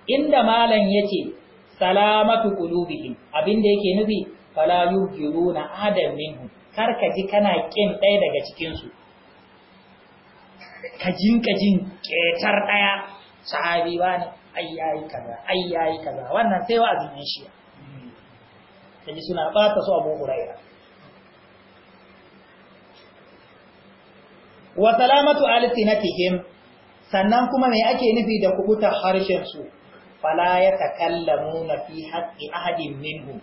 inda malam yace salamatu qulubihim abinda yake nufi fala yubghiruna adam minhu kar ka ji kana kin ɗaya daga cikin su ka jinka jin ketar ɗaya sahabi bane ai yayi kaza ai yayi kaza wannan sai kaji suna bata su Abu wa salamatu alsinatihim sannan kuma me ake nufi da kubuta harshen su fala yatakallamuna fi haqqi ahadin minhum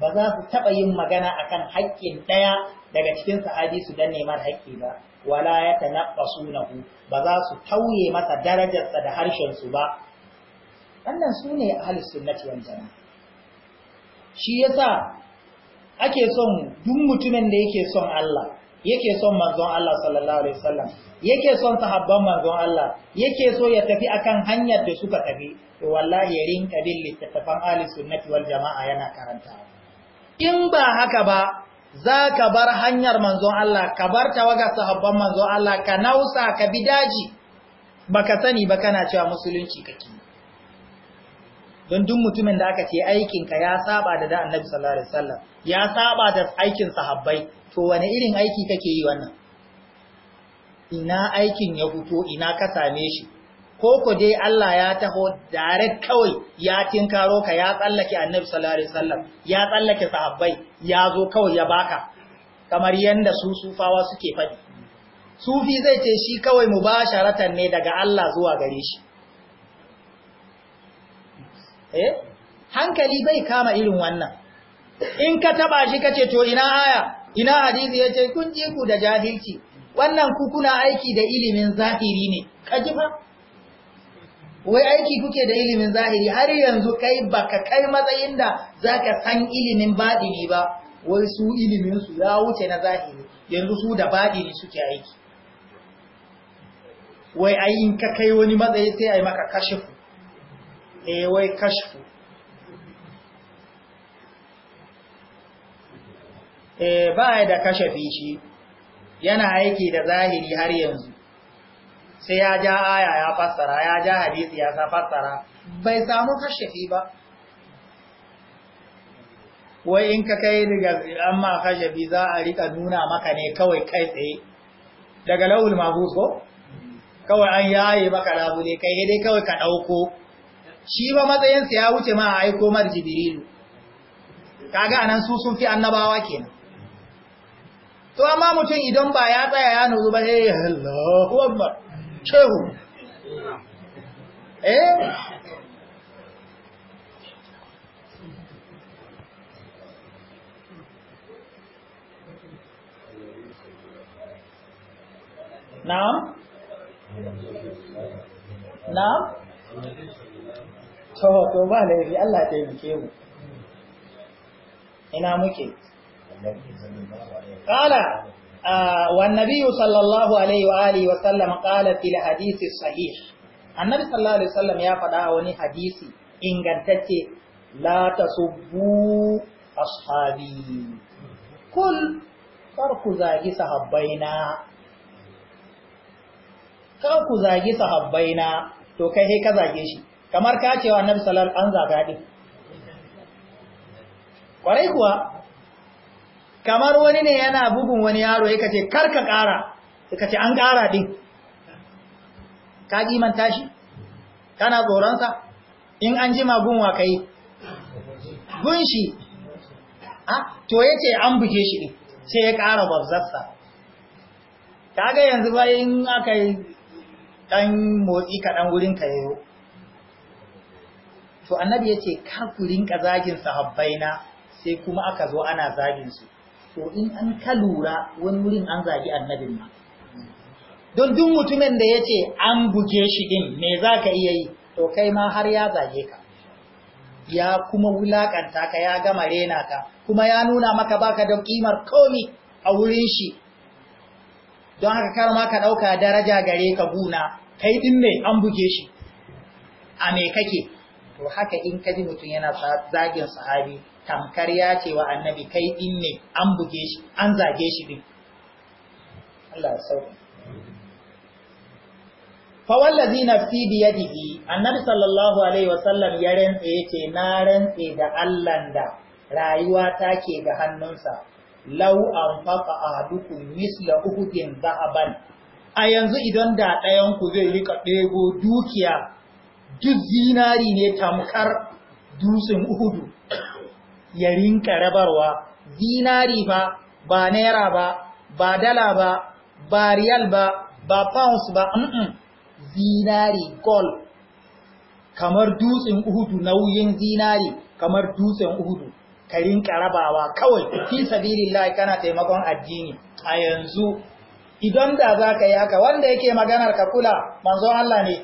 ba za su taɓa yin magana akan haƙƙin ɗaya daga cikin sahabi su danne neman haƙƙi ba wala yatanaffasunahu ba za su tauye masa darajarsa da harshen su ba wannan su ne ahalus sunnati wal shi yasa ake son duk mutumin da yake son Allah yake son manzon Allah sallallahu alaihi wasallam yake son sahabban manzon Allah yake so ya tafi a kan hanyar da suka tafi to wallahi ya rinka bin littattafan ahlus sunnati wal jamaa yana karanta in ba haka ba za ka bar hanyar manzon Allah ka bar tawaga sahabban manzon Allah ka nausa ka bi daji baka sani ba kana cewa musulunci kake don duk mutumin da aka ce aikinka ya saba da da annabi sallallahu alaihi wasallam ya saba da aikin sahabbai to wani irin aiki kake yi wannan ina aikin ya fito ina ka same shi ko ko dai Allah ya taho direct kawai ya tinkaro ka ya tsallake annabi sallallahu alaihi wasallam ya tsallake sahabbai ya zo kawai ya baka kamar yanda su sufawa suke faɗi sufi zai ce shi kawai mubasharatan ne daga Allah zuwa gare shi Eh? hankali bai kama irin wannan in ka taba shi kace to ina aya ina hadisi yace kun ji ku da jahilci wannan ku kuna aiki da ilimin zahiri ne kaji fa wai aiki kuke da ilimin zahiri har yanzu kai baka kai matsayin da zaka san ilimin baɗini ba wai su ilimin su ya wuce na zahiri yanzu su da baɗini suke aiki wai ai in ka kai wani matsayi sai ai maka kashifu eh wai kashfu eh ba da kashafi shi yana aiki da zahiri har yanzu sai ya ja aya ya fassara ya ja hadisi ya sa fassara bai samu kashafi ba wai in ka kai daga amma kashafi za a rika nuna maka ne kawai kai tsaye daga lawul mabuso kawai an yaye maka labule kai dai kawai ka dauko shi ba matsayinsa ya wuce ma a aiko mar jibrilu kaga anan su sun fi annabawa kenan to amma mutum idan ba ya tsaya ya nuru ba eh Allahu akbar shehu eh Na'am? Na'am? to to ba laifi Allah ta yi mu ina muke qala wan nabiy sallallahu alaihi wa alihi wa sallam qala fil hadith sahih annabi sallallahu alaihi wasallam ya faɗa a wani hadisi ingantacce la tasubbu ashabi kul kar ku zagi sahabbaina kar ku zagi sahabbaina to kai sai ka zage shi kamar ka wa annabi sallallahu an zaga din kwarai kuwa kamar wani ne yana bugun wani yaro yake ce karka kara yake ce an kara din ka man tashi? kana tsoron sa in an magun wa kai gunshi a to yace an buge shi din sai ya kara babzarsa kaga yanzu bayan aka ɗan dan motsi kaɗan wurin ka yayo to annabi ya ce kar ku rinka zagin sahabbaina sai kuma aka zo ana zagin su to in an ka lura wani wurin an zagi annabin ma don duk mutumin da ya ce an buge shi din me za ka iya yi to kai ma har ya zage ka ya kuma wulakanta ka ya gama rena ka kuma ya nuna maka baka da kimar komi a wurin shi don haka kar ma ka dauka daraja gare ka guna kai din ne an buge shi a me kake to haka in ka ji mutum yana zagin sahabi tamkar ya ce wa annabi kai din ne an buge shi an zage shi din Allah ya sauka fa wallazi nafsi bi yadihi annabi sallallahu alaihi wasallam ya rantsa yace na rantsa da Allah da rayuwa take ga hannunsa law faqa ahadukum misla uhudin zahaban a yanzu idan da ɗayan ku zai rika ɗego dukiya duk zinari ne tamkar dutsen uhudu ya rinka rabarwa zinari ba ba naira ba ba dala ba ba riyal ba ba pounds ba zinari gold kamar dutsen uhudu nauyin zinari kamar dutsen uhudu ka rinka rabawa kawai fi sabilillahi kana taimakon addini a yanzu idan da za ka yi haka wanda yake maganar ka kula manzon Allah ne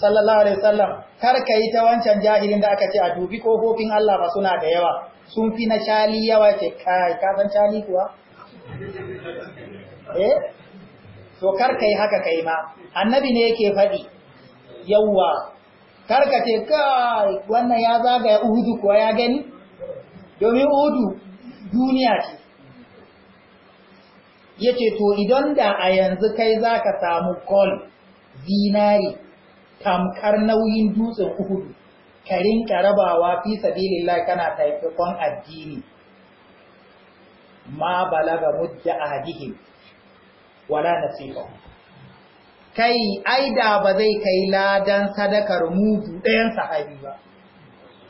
sallallahu alaihi wasallam kar ka yi ta wancan jahilin da aka ce a dubi kofofin Allah ba suna da yawa sun fi na shali yawa ce kai ka san shali kuwa eh to kar ka yi haka kai ma annabi ne yake faɗi yawa kar ka ce kai wannan ya zaga ya uhudu kuwa ya gani domin uhudu duniya ce yace to idan da a yanzu kai zaka samu call zinari tamkar nauyin dutsen uhudu ka rinka rabawa fi sabilillah kana taifikon addini ma balaga mudda ahadihim wala nasiba kai aida ba zai kai ladan sadakar mudu ɗayan sahabi ba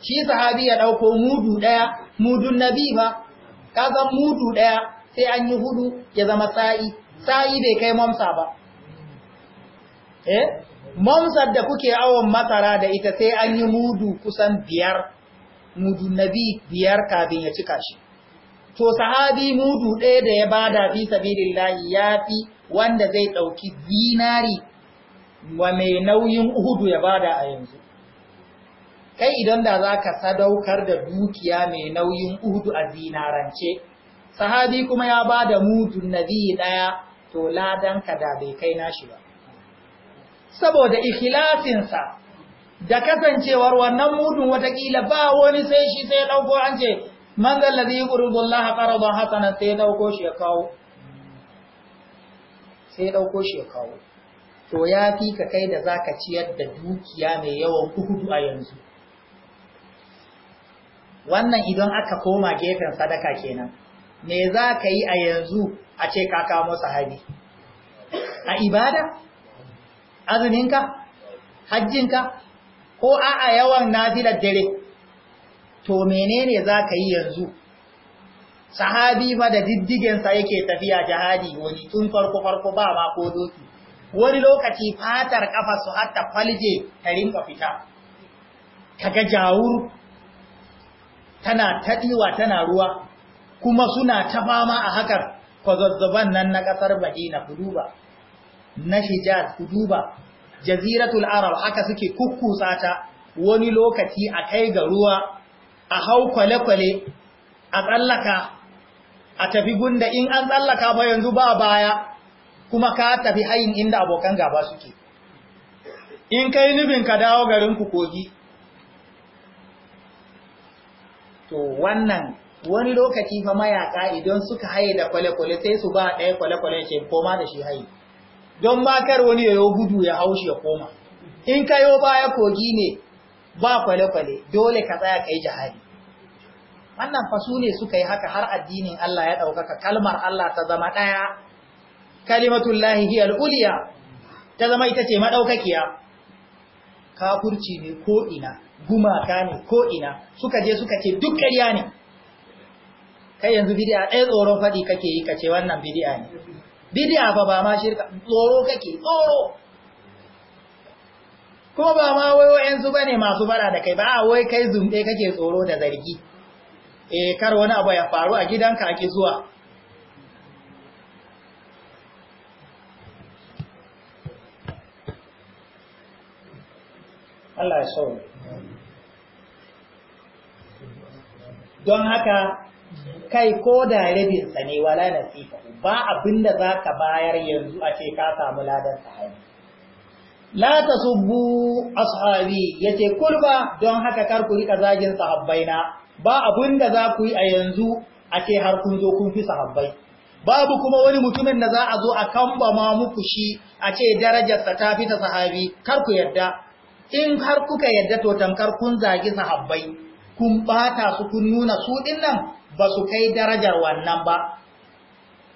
shi sahabi ya ɗauko mudu ɗaya mudun nabi ba kaga mudu ɗaya sai an yi hudu ya zama sa'i sa'i bai kai mamsa ba eh mamsar da kuke awon masara da ita sai an yi mudu kusan biyar mudu biyar kafin ya cika shi to sahabi mudu ɗaya da ya bada fi ya fi wanda zai ɗauki zinari wa mai nauyin uhudu ya bada a yanzu kai idan da za ka sadaukar da dukiya mai nauyin uhudu a zinarance sahabi kuma ya bada mudu nabi ɗaya to ladanka da bai kai nashi ba saboda ikhlasinsa da kasancewar wannan mudun watakila ba wani sai shi sai dauko an ce man ladhi yuridu Allah qaradan hasanan sai dauko shi ya kawo sai dauko shi ya kawo to ya fi ka kai da zaka ciyar da dukiya mai yawan kudu a yanzu wannan idan aka koma gefen sadaka kenan me zaka yi a yanzu a ce ka kawo sahabi a ibada azuminka hajjinka ko a'a yawan nafilar dare to menene za ka yi yanzu sahabi ma da diddigensa yake tafiya jihadi wani tun farko farko ba ma ko doki wani lokaci fatar kafa su hatta falje ta rinka fita kaga jawur tana taɗiwa tana ruwa kuma suna ta fama a hakan kwazazzaban nan na ƙasar baɗi na kuduba na Hijaz ku duba jaziratul arab haka suke kukkusa ta wani lokaci a kai ga ruwa a hau kwale-kwale a tsallaka a tafi gunda in an tsallaka ba yanzu ba baya kuma ka tafi hayin inda abokan gaba suke in kai nufin ka dawo garin ku kogi to wannan wani lokaci fa mayaka idan suka haye da kwale-kwale sai su ba ɗaya kwale-kwale ce koma da shi haye don makar wani ya yi gudu ya haushi ya koma in ka yi baya kogi ne ba kwale-kwale dole ka tsaya ka yi jihari wannan fasu ne suka yi haka har addinin Allah ya ɗaukaka kalmar Allah ta zama ɗaya kalimatullahi lahihi uliya ta zama ita ce maɗaukakiya kafurci ne ko'ina gumaka ne ko'ina suka je suka ce duk ƙarya ne kai yanzu bidiya ɗaya tsoron faɗi kake yi ka ce wannan bidiya ne bidiya fa ba ma shirka tsoro kake tsoro kuma ba ma wai wa'yansu ba ne masu fara da kai ba a wai kai zumbe kake tsoro da zargi e kar wani abu ya faru a gidanka ake zuwa Allah ya shawo don haka kai ko da rabin sa ne wala nasifa ba abinda ka bayar yanzu a ce ka samu ladan sahabi la tasubbu ashabi yace kurba don haka kar ku rika zagin sahabbaina ba abinda za ku yi a yanzu a ce har kun zo kun fi sahabbai babu kuma wani mutumin da za a zo a ma muku shi a ce darajarsa ta fi ta sahabi kar ku yadda in har kuka yadda to tamkar kun zagi sahabbai kun bata su kun nuna su din nan ba su kai darajar wannan ba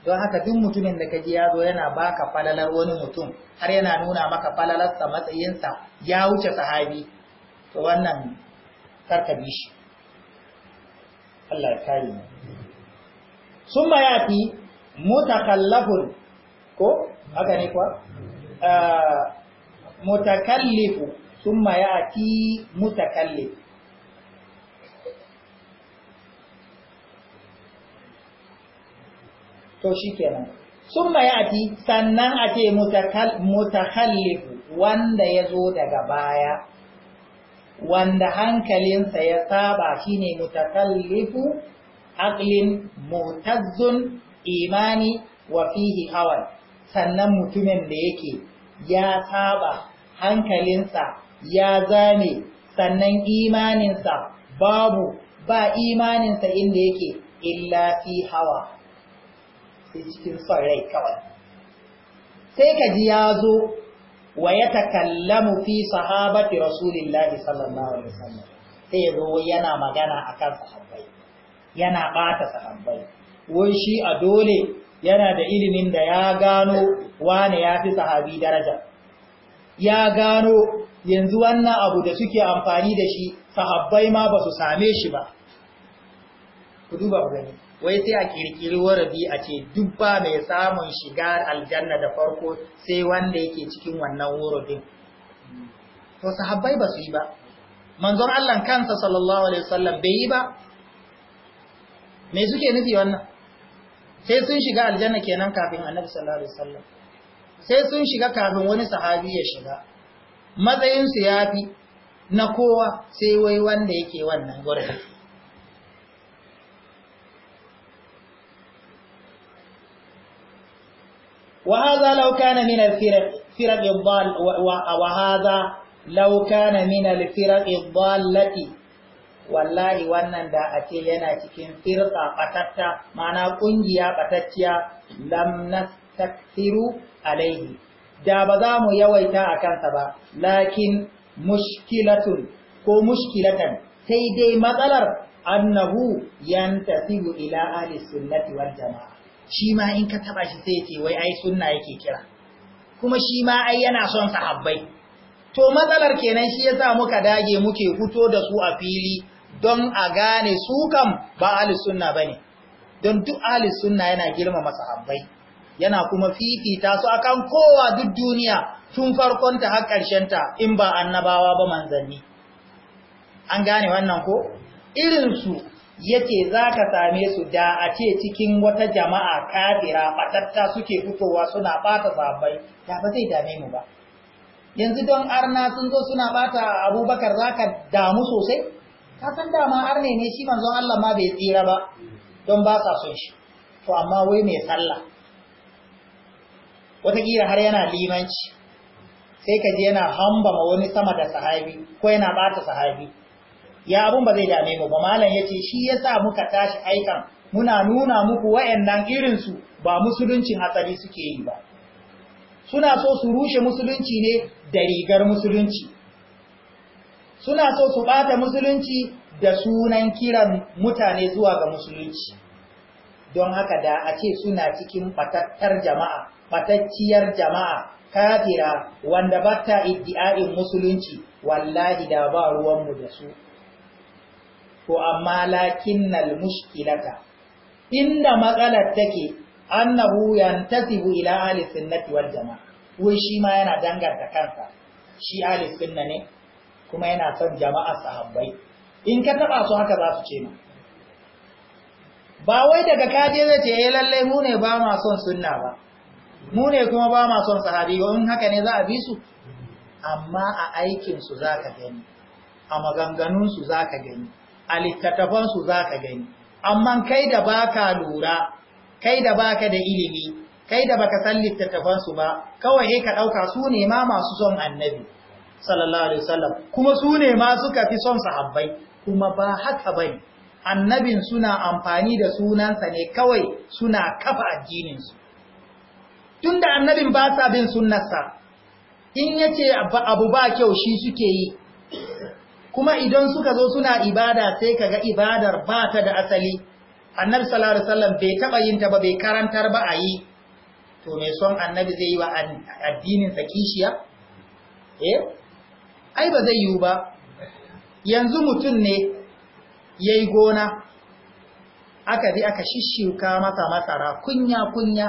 don haka duk mutumin da kaji ya zo yana baka falalar wani mutum har yana nuna maka falalarsa matsayinsa ya wuce sahabi to wannan karka bi shi Allah ya kare mu summa fi mutakallafun ko haka ne kuwa eh, mutakallifu summa fi mutakallif to shikenan summa yati sannan a ce mutakallif wanda ya zo daga baya wanda hankalinsa ya saba shine mutakallifu aqlin mutazzun imani wa fihi hawan sannan mutumin da yake ya saba hankalinsa ya zame sannan imaninsa babu ba imaninsa inda yake illa fi hawa sai cikin son rai kawai sai ka ji ya zo wa ya takallamu fi sahabati rasulillahi sallallahu alaihi wasallam sai ya zo yana magana akan sahabbai yana bata sahabbai wai shi a dole yana da ilimin da ya gano wane ya fi sahabi daraja ya gano yanzu wannan abu da suke amfani da shi sahabbai ma ba su same shi ba ku duba ku gani wai sai a kirkiri warabi a ce duk ba mai samun shiga aljanna da farko sai wanda yake cikin wannan warabin to sahabbai ba su yi ba manzon Allah kansa sallallahu alaihi wasallam bai yi ba me suke nufi wannan sai sun shiga aljanna kenan kafin annabi sallallahu alaihi wasallam sai sun shiga kafin wani sahabi ya shiga Matsayinsu ya fi na kowa sai wai wanda yake wannan gurbi وهذا لو كان من الفرق فرق الضال وهذا لو كان من الفرق الضالة wallahi wannan da a ce yana cikin firka batatta ma'ana kungiya batacciya lam nastakthiru alaihi da ba za mu yawaita a kansa ba lakin mushkilatun ko mushkilatan sai dai matsalar annahu yantasibu ila ahli sunnati wal jamaa shi ma in ka taba shi sai ce wai ai sunna yake kira kuma shi ma ai yana son sahabbai to matsalar kenan shi yasa muka dage muke fito da su a fili don a gane su kam ba ahli sunna bane don duk ahli sunna yana girmama sahabbai yana kuma fifita su akan kowa duk duniya tun farkon ta har karshen ta in ba annabawa ba manzanni an gane wannan ko irin su yace zaka same su da a ce cikin wata jama'a kafira batatta suke fitowa suna bata sabai da ba zai dame mu ba yanzu don arna sun zo suna bata abubakar za ka damu sosai ka san dama arne ne shi manzon Allah ma bai tsira ba don ba sa son shi to amma wai mai sallah wataƙila har yana limanci sai ka je yana hambama wani sama da sahabi ko yana bata sahabi ya abun ba zai dame mu ba malam yace shi yasa muka tashi aikan muna nuna muku wayannan irin su ba musuluncin hatsari suke yi ba suna so su rushe musulunci ne da rigar musulunci suna so su bata musulunci da sunan kiran mutane zuwa ga musulunci don haka da a ce suna cikin batattar jama'a batacciyar jama'a kafira wanda bata iddi'a'in musulunci wallahi da ba ruwanmu da su to amma lakinnal mushkilata inda matsalar take annahu yantasibu ila ahli sunnati wal jamaa wai shi ma yana danganta kansa shi ahli sunna ne kuma yana son jama'a sahabbai in ka taba su haka za su ce ma ba wai daga kaje zai ce eh lalle mu ne ba ma son sunna ba mu ne kuma ba ma son sahabi in haka ne za a bi su amma a aikin su zaka gani a maganganun su zaka gani a littattafansu za ka gani amma kai da baka lura kai da baka da ilimi kai da baka san littattafansu ba kawai sai ka ɗauka su ne ma masu son annabi sallallahu alaihi wasallam kuma su ne ma suka fi son sahabbai kuma ba haka bane annabin suna amfani da sunansa ne kawai suna kafa addininsu tunda annabin ba sa bin sunnarsa in yace abu ba kyau shi suke yi kuma idan suka zo suna ibada sai kaga ibadar ba ta da asali annabi sallallahu alaihi wasallam bai taba yin ta ba bai karantar ba ayi yi to me son annabi zai yi wa addinin sa kishiya eh ai ba zai yi ba yanzu mutum ne yayi gona aka bi aka shishshuka masa masara kunya kunya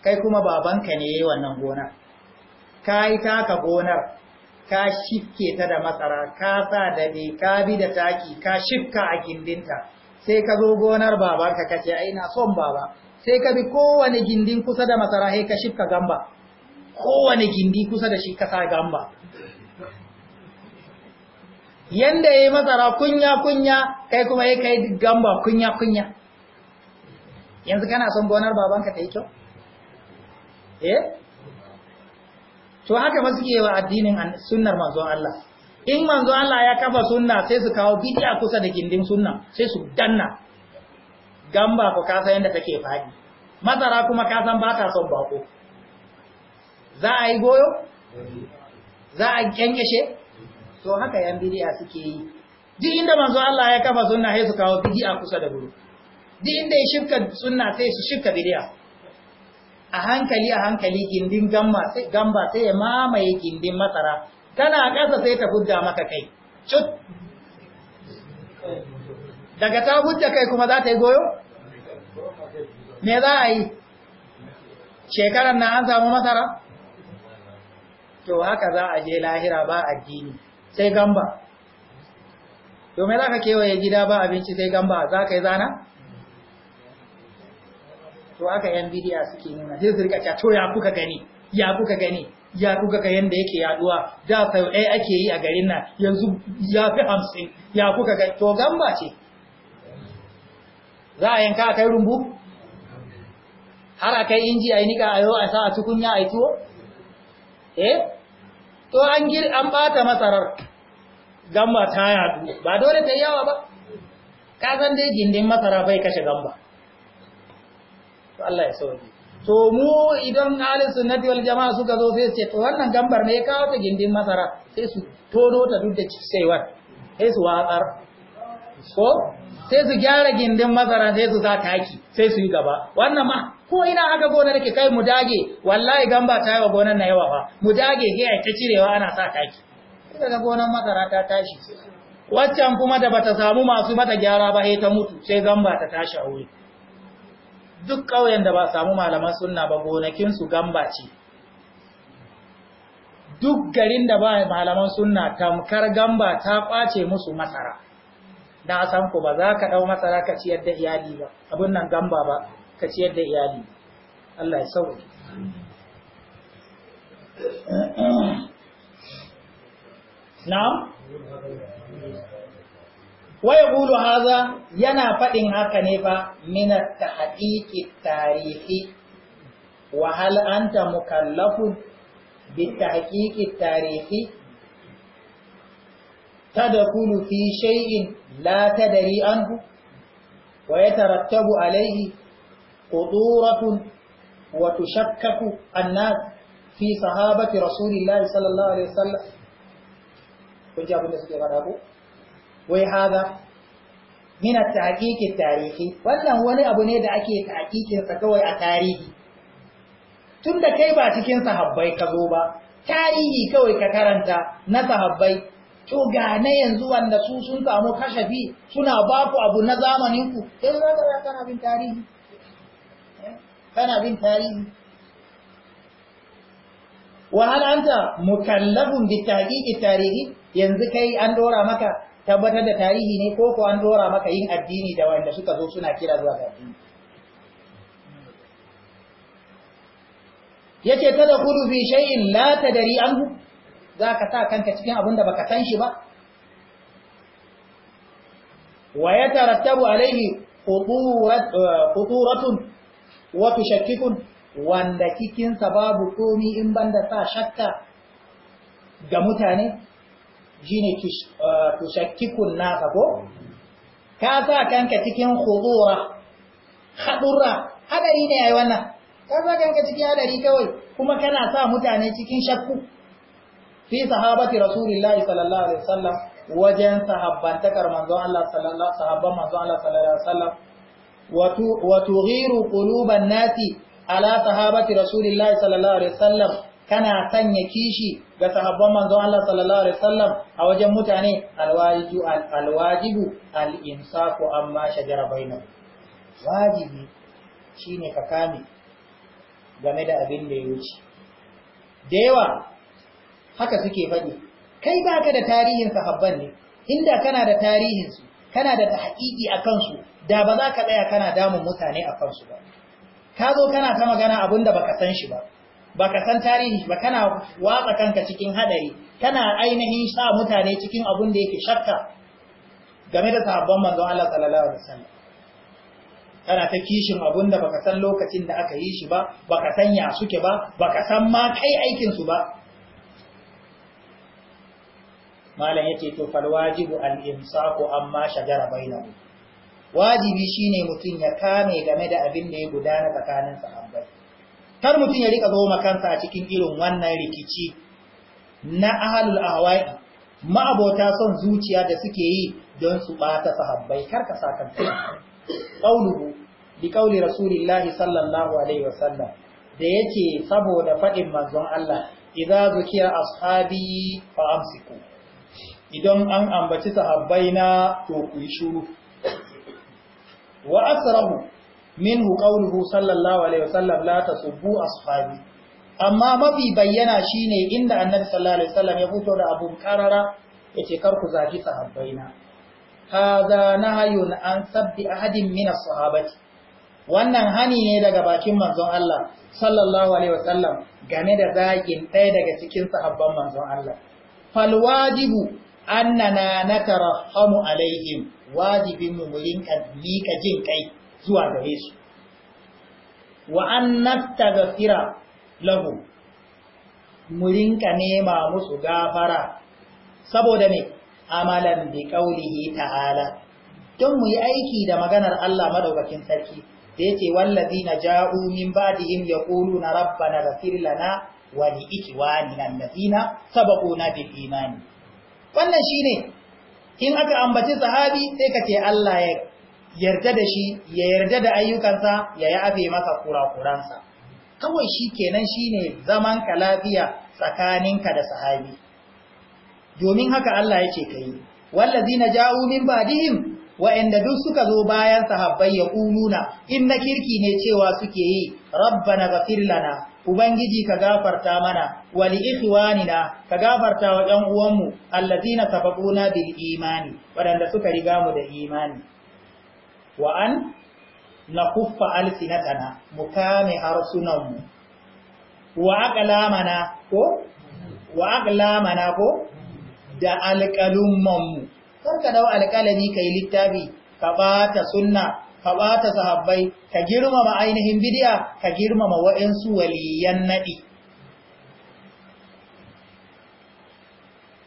kai kuma babanka ne yayi wannan gona kai taka gonar ka shifke ta da matsara ka sa da ne ka bi da taki ka shifka a gindinta sai ka zo gonar babanka ka ce ai ina son baba sai ka bi kowane gindin kusa da masara sai ka shifka gamba kowane gindi kusa da shi ka sa gamba yanda yayi masara kunya kunya kai kuma yayi kai gamba kunya kunya yanzu kana son gonar babanka ta yi kyau eh to haka ba suke wa addinin sunnar manzo Allah in manzo Allah ya kafa sunna sai su kawo bid'a kusa da gindin sunna sai su danna gamba ko ka san yanda take fadi madara kuma ka san ba ta son bako za a yi goyo za a kyankyashe to haka yan bid'a suke yi duk inda manzo Allah ya kafa sunna sai su kawo bid'a kusa da guru duk inda ya shirka sunna sai su shirka bid'a a hankali a hankali gindin gamba sai ya mamaye gindin masara tana ƙasa sai ta hudda maka kai cut daga ta hudda kai kuma za ta yi goyo me za a yi shekarar na an samu masara to haka za a je lahira ba addini sai gamba domin za ka kewaye gida ba abinci sai gamba za ka yi zana to aka yan bidiya suke nuna sai su rika cewa to ya kuka gani ya kuka gani ya kuka ga yanda yake yaduwa da sau ɗaya ake yi a garin nan yanzu ya fi hamsin ya kuka ga to gamba ce za a yanka a kai rumbu har a kai inji a yi nika a yau a sa a tukunya a yi tuwo eh to an gir an bata masarar gamba ta yadu ba dole ta yawa ba ka san dai gindin masara bai kashe gamba to Allah ya sauke to mu idan ahlus sunnati wal jama'a suka zo sai ce to wannan gambar ne ya kawo ta gindin masara sai su tono ta duk da cewar sai su watsar ko sai su gyara gindin masara sai su sa taki sai su yi gaba wannan ma ko ina haka gona ke kai mu dage wallahi gamba ta yawa gonar na yawa fa mu dage sai ta cirewa ana sa taki daga gonar masara ta tashi waccan kuma da bata samu masu mata gyara ba sai ta mutu sai gamba ta tashi a wuri duk ƙauyen da ba samu malaman sunna ba gonakinsu gamba ce duk garin da ba malaman sunna tamkar gamba ta ƙwace musu masara na san ku ba za ka ɗau masara ka ciyar da iyali ba abin nan gamba ba ka ciyar da iyali Allah ya sauke na waya bulu haza yana faɗin haka ne fa mina ta haƙiƙi tarihi wa hal anta mukallafun bi tahqiqi tarihi Kulu fi shay'in la tadri anhu wa yatarattabu alayhi quduratun wa tushakkaku annas fi sahabati rasulillahi sallallahu alaihi wasallam kun ji abin da suke faɗa ko wai haza min at-taqiqi tarihi wannan wani abu ne da ake taqiqin sa kawai a tarihi tunda kai ba cikin sahabbai ka zo ba tarihi kawai ka karanta na sahabbai to ga na yanzu wanda su sun samu kashafi suna ba ku abu na zamanin ku sai za ka kana bin tarihi kana bin tarihi wa hal anta mukallafun bi taqiqi tarihi yanzu kai an dora maka tabbatar da tarihi ne ko ko an dora maka yin addini da wanda suka zo suna kira zuwa ga addini yace tadkhulu fi shay'in la tadri anhu zaka sa kanka cikin abin da baka san shi ba wa yatarattabu alayhi khuturat khuturatun eh, wa tushakkikun wanda kikin sababu komi in banda sa shakka ga mutane shine uh, tushakkikun nasa ko ka sa kanka cikin khudura khadura hadari ne ai wannan ka sa kanka cikin hadari kawai kuma kana sa mutane cikin shakku fi sahabati rasulillahi sallallahu alaihi wasallam wajen sahabbantakar manzon Allah sallallahu sahabban manzon Allah sallallahu alaihi wasallam wa tughiru quluban nasi ala sahabati rasulillahi sallallahu alaihi wasallam kana sanya kishi ga sahabban manzon Allah sallallahu alaihi wasallam a wajen mutane alwajibu alwajibu al-insafu amma shajara bainahum wajibi shine ka kame game da abin da ya wuce da yawa haka suke faɗi kai baka da tarihin sahabban ne inda kana da tarihin su kana da tahqiqi akan su da ba za ka tsaya kana damun mutane akan su ba ka zo kana ta magana abinda baka san shi ba baka san tarihi ba kana watsa kanka cikin hadari kana ainihin sa mutane cikin abun da yake shakka game da sahabban manzo Allah sallallahu alaihi wasallam kana ta kishin abun da baka san lokacin da aka yi shi ba baka san ya suke ba baka san ma kai aikin su ba malam yake to fal wajibu al insaku amma shajara bainahu wajibi shine mutun ya kame game da abin da ya gudana tsakanin sahabbai kar mutum ya rika zoma makansa a cikin irin wannan rikici na ahalul ahwa'i ma'abota son zuciya da suke yi don su bata sahabbai kar ka sakan qauluhu bi qauli rasulillahi sallallahu alaihi wasallam da yake saboda fadin manzon Allah idza zukiya ashabi fa amsiku idan an ambaci sahabbai na to ku yi shuru wa asrahu minhu qawluhu sallallahu alaihi wasallam la tasubbu ashabi amma mafi bayyana shine inda annabi ya fito da abun karara yace kar ku zagi sahabbaina hadha nahyun an sabbi ahadin min as-sahabati wannan hani ne daga bakin manzon Allah sallallahu alaihi wasallam game da zaƙin ɗaya daga cikin sahabban manzon Allah falwajibu annana nakarahamu alaihim wajibin mu murinka mika jin kai zuwa gare su wa an gafira lahu mu rinka nema musu gafara saboda ne amalan bi qaulihi ta'ala don mu yi aiki da maganar Allah madaukakin sarki da yace wallazina ja'u min ba'dihim yaquluna rabbana ghfir lana wa li ikhwanina allazina sabaquna bil iman wannan shine in aka ambaci sahabi sai ka ce Allah ya yarda da shi ya yarda da ayyukansa ya yi abe masa kurakuransa kawai shi kenan shine zaman ka lafiya tsakaninka da sahabi domin haka Allah ya ce ka yi. Wanda wallazina ja'u min ba'dihim wa'anda duk suka zo bayan sahabbai ya ƙununa, in na kirki ne cewa suke yi "Rabba na ghafir lana ubangiji ka gafarta mana wali ikhwanina ka gafarta wa ɗan uwanmu allazina sabaquna bil imani waɗanda suka riga mu da imani wa an na kuffa alfinatana mu kame harsunanmu wa aqlamana ko wa aqlamana ko da alqalummanmu kar ka dau alqalami kai littafi ka bata sunna ka bata sahabbai ka girmama ainihin bidiya ka girmama wa'ansu waliyan naɗi.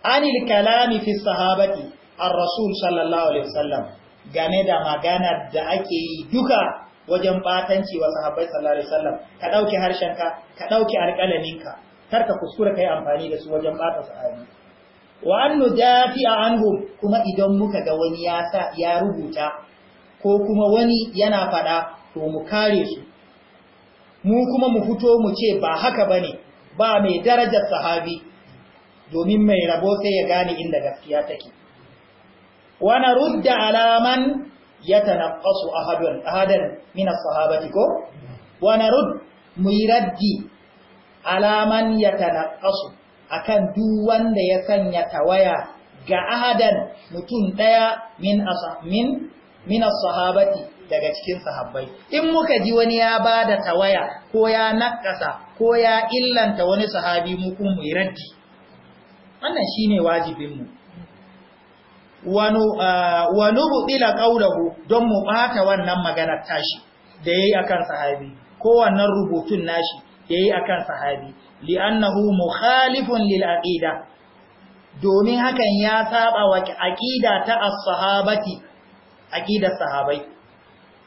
anil kalami fi sahabati ar-rasul sallallahu alaihi wasallam game da magana da ake yi duka wajen batanci wa sahabbai sallallahu alaihi wasallam ka dauki harshenka ka dauki alƙalaminka kar ka kuskura kai amfani da su wajen bata sahabi wa an a anhum kuma idan muka ga wani ya sa ya rubuta ko kuma wani yana fada to mu kare su mu kuma mu fito mu ce ba haka bane ba mai darajar sahabi domin mai rabo sai ya gane inda gaskiya take wa narudda ala man yatanaqqasu ahadun ahadan min sahabati ko wa narud raddi alaman man yatanaqqasu akan duk wanda ya sanya tawaya ga ahadan mutum daya min sahabati daga cikin sahabbai in muka ji wani ya bada tawaya ko ya nakasa ko ya illanta wani sahabi mu kun mu raddi wannan shine ne wajibinmu. wani ah, buɗila ƙaunahu don mu ɓata wannan maganar tashi da ya yi a kan sahabi wannan rubutun nashi ya yi a kan sahabi li'annahu mukhalifun lil aqida domin hakan ya saba wa aqida ta as-sahabati aqidar sahabai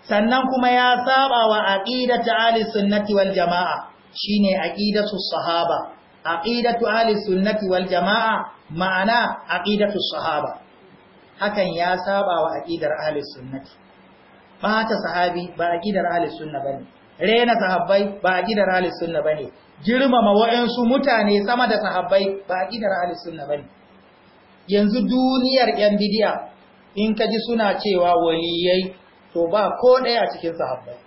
sannan kuma ya saba wa ta ahli sunnati wal jamaa shine aqidatu sahaba aqidatu ahli sunnati wal jamaa ma'ana aqidatu sahaba hakan ya saba wa aqidar ahli sunnati bata sahabi ba aqidar ahli sunna bane rena sahabbai ba aqidar ahli sunna bane girmama wa'ansu mutane sama da sahabbai ba aqidar ahli sunna bane yanzu duniyar yan bidiya in kaji suna cewa waliyai to ba ko ɗaya a cikin sahabbai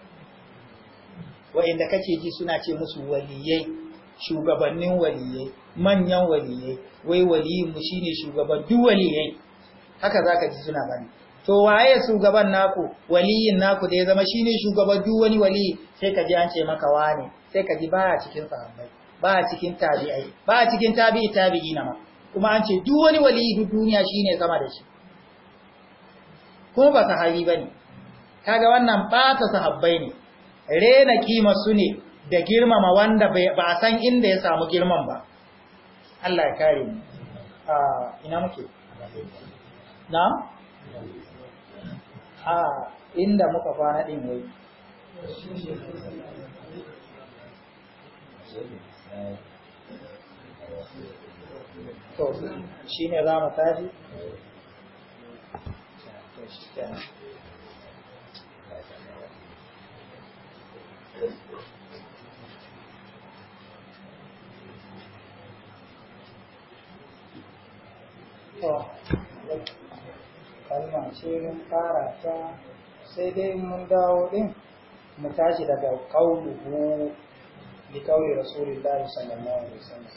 wa'inda kake ji suna ce musu waliyai shugabannin waliyai manyan waliyai wai waliyin mu shine shugaban duk waliyai haka za ka ji suna bani. to waye shugaban naku waliyin naku da ya zama shi ne shugaban duk wani wali sai ka ji an ce maka wane sai ka ji a cikin sahabbai ba a cikin tabi'ai a cikin tabi'i tabi'i na ma kuma an ce duk wani wali duk duniya shi ne sama da shi kuma ba sahabi bane kaga wannan ta sahabbai ne rena kima su ne da girmama wanda ba san inda ya samu girman ba Allah ya kare mu ah, ina muke na a inda muka fara din wai to shi ne za mu tashi Oh. kalma ce mun fara ta sai dai mun dawo din mu tashi daga qauluhu li kauli rasulillahi sallallahu alaihi wasallam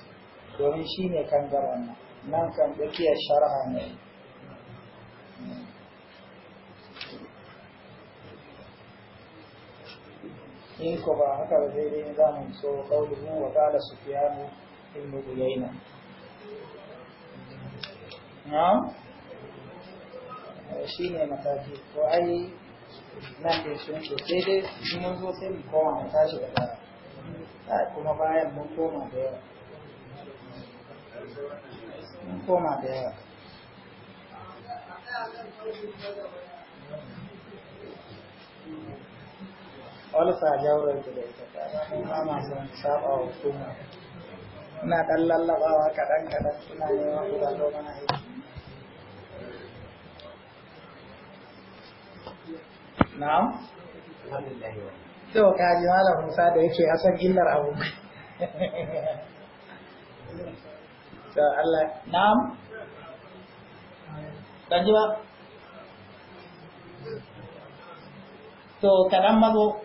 domin ne kan garan nan kan dakiya sharha ne in ko ba haka ba dai dai za mu so qauluhu wa qala sufyanu ibn uyayna na. shi ne mataki ko ai nan da sun ce sai dai mun zo sai mu tashi da baya kuma bayan mun koma da yawa mun koma da yawa olsa jaurar da ita ta ba son saba wa kuma ina ɗan lallabawa kaɗan-kaɗan suna neman gudanar mana aiki na'am to kaji malam Musa da yake a san illar abu to Allah na'am dan ji ba to kadan mazo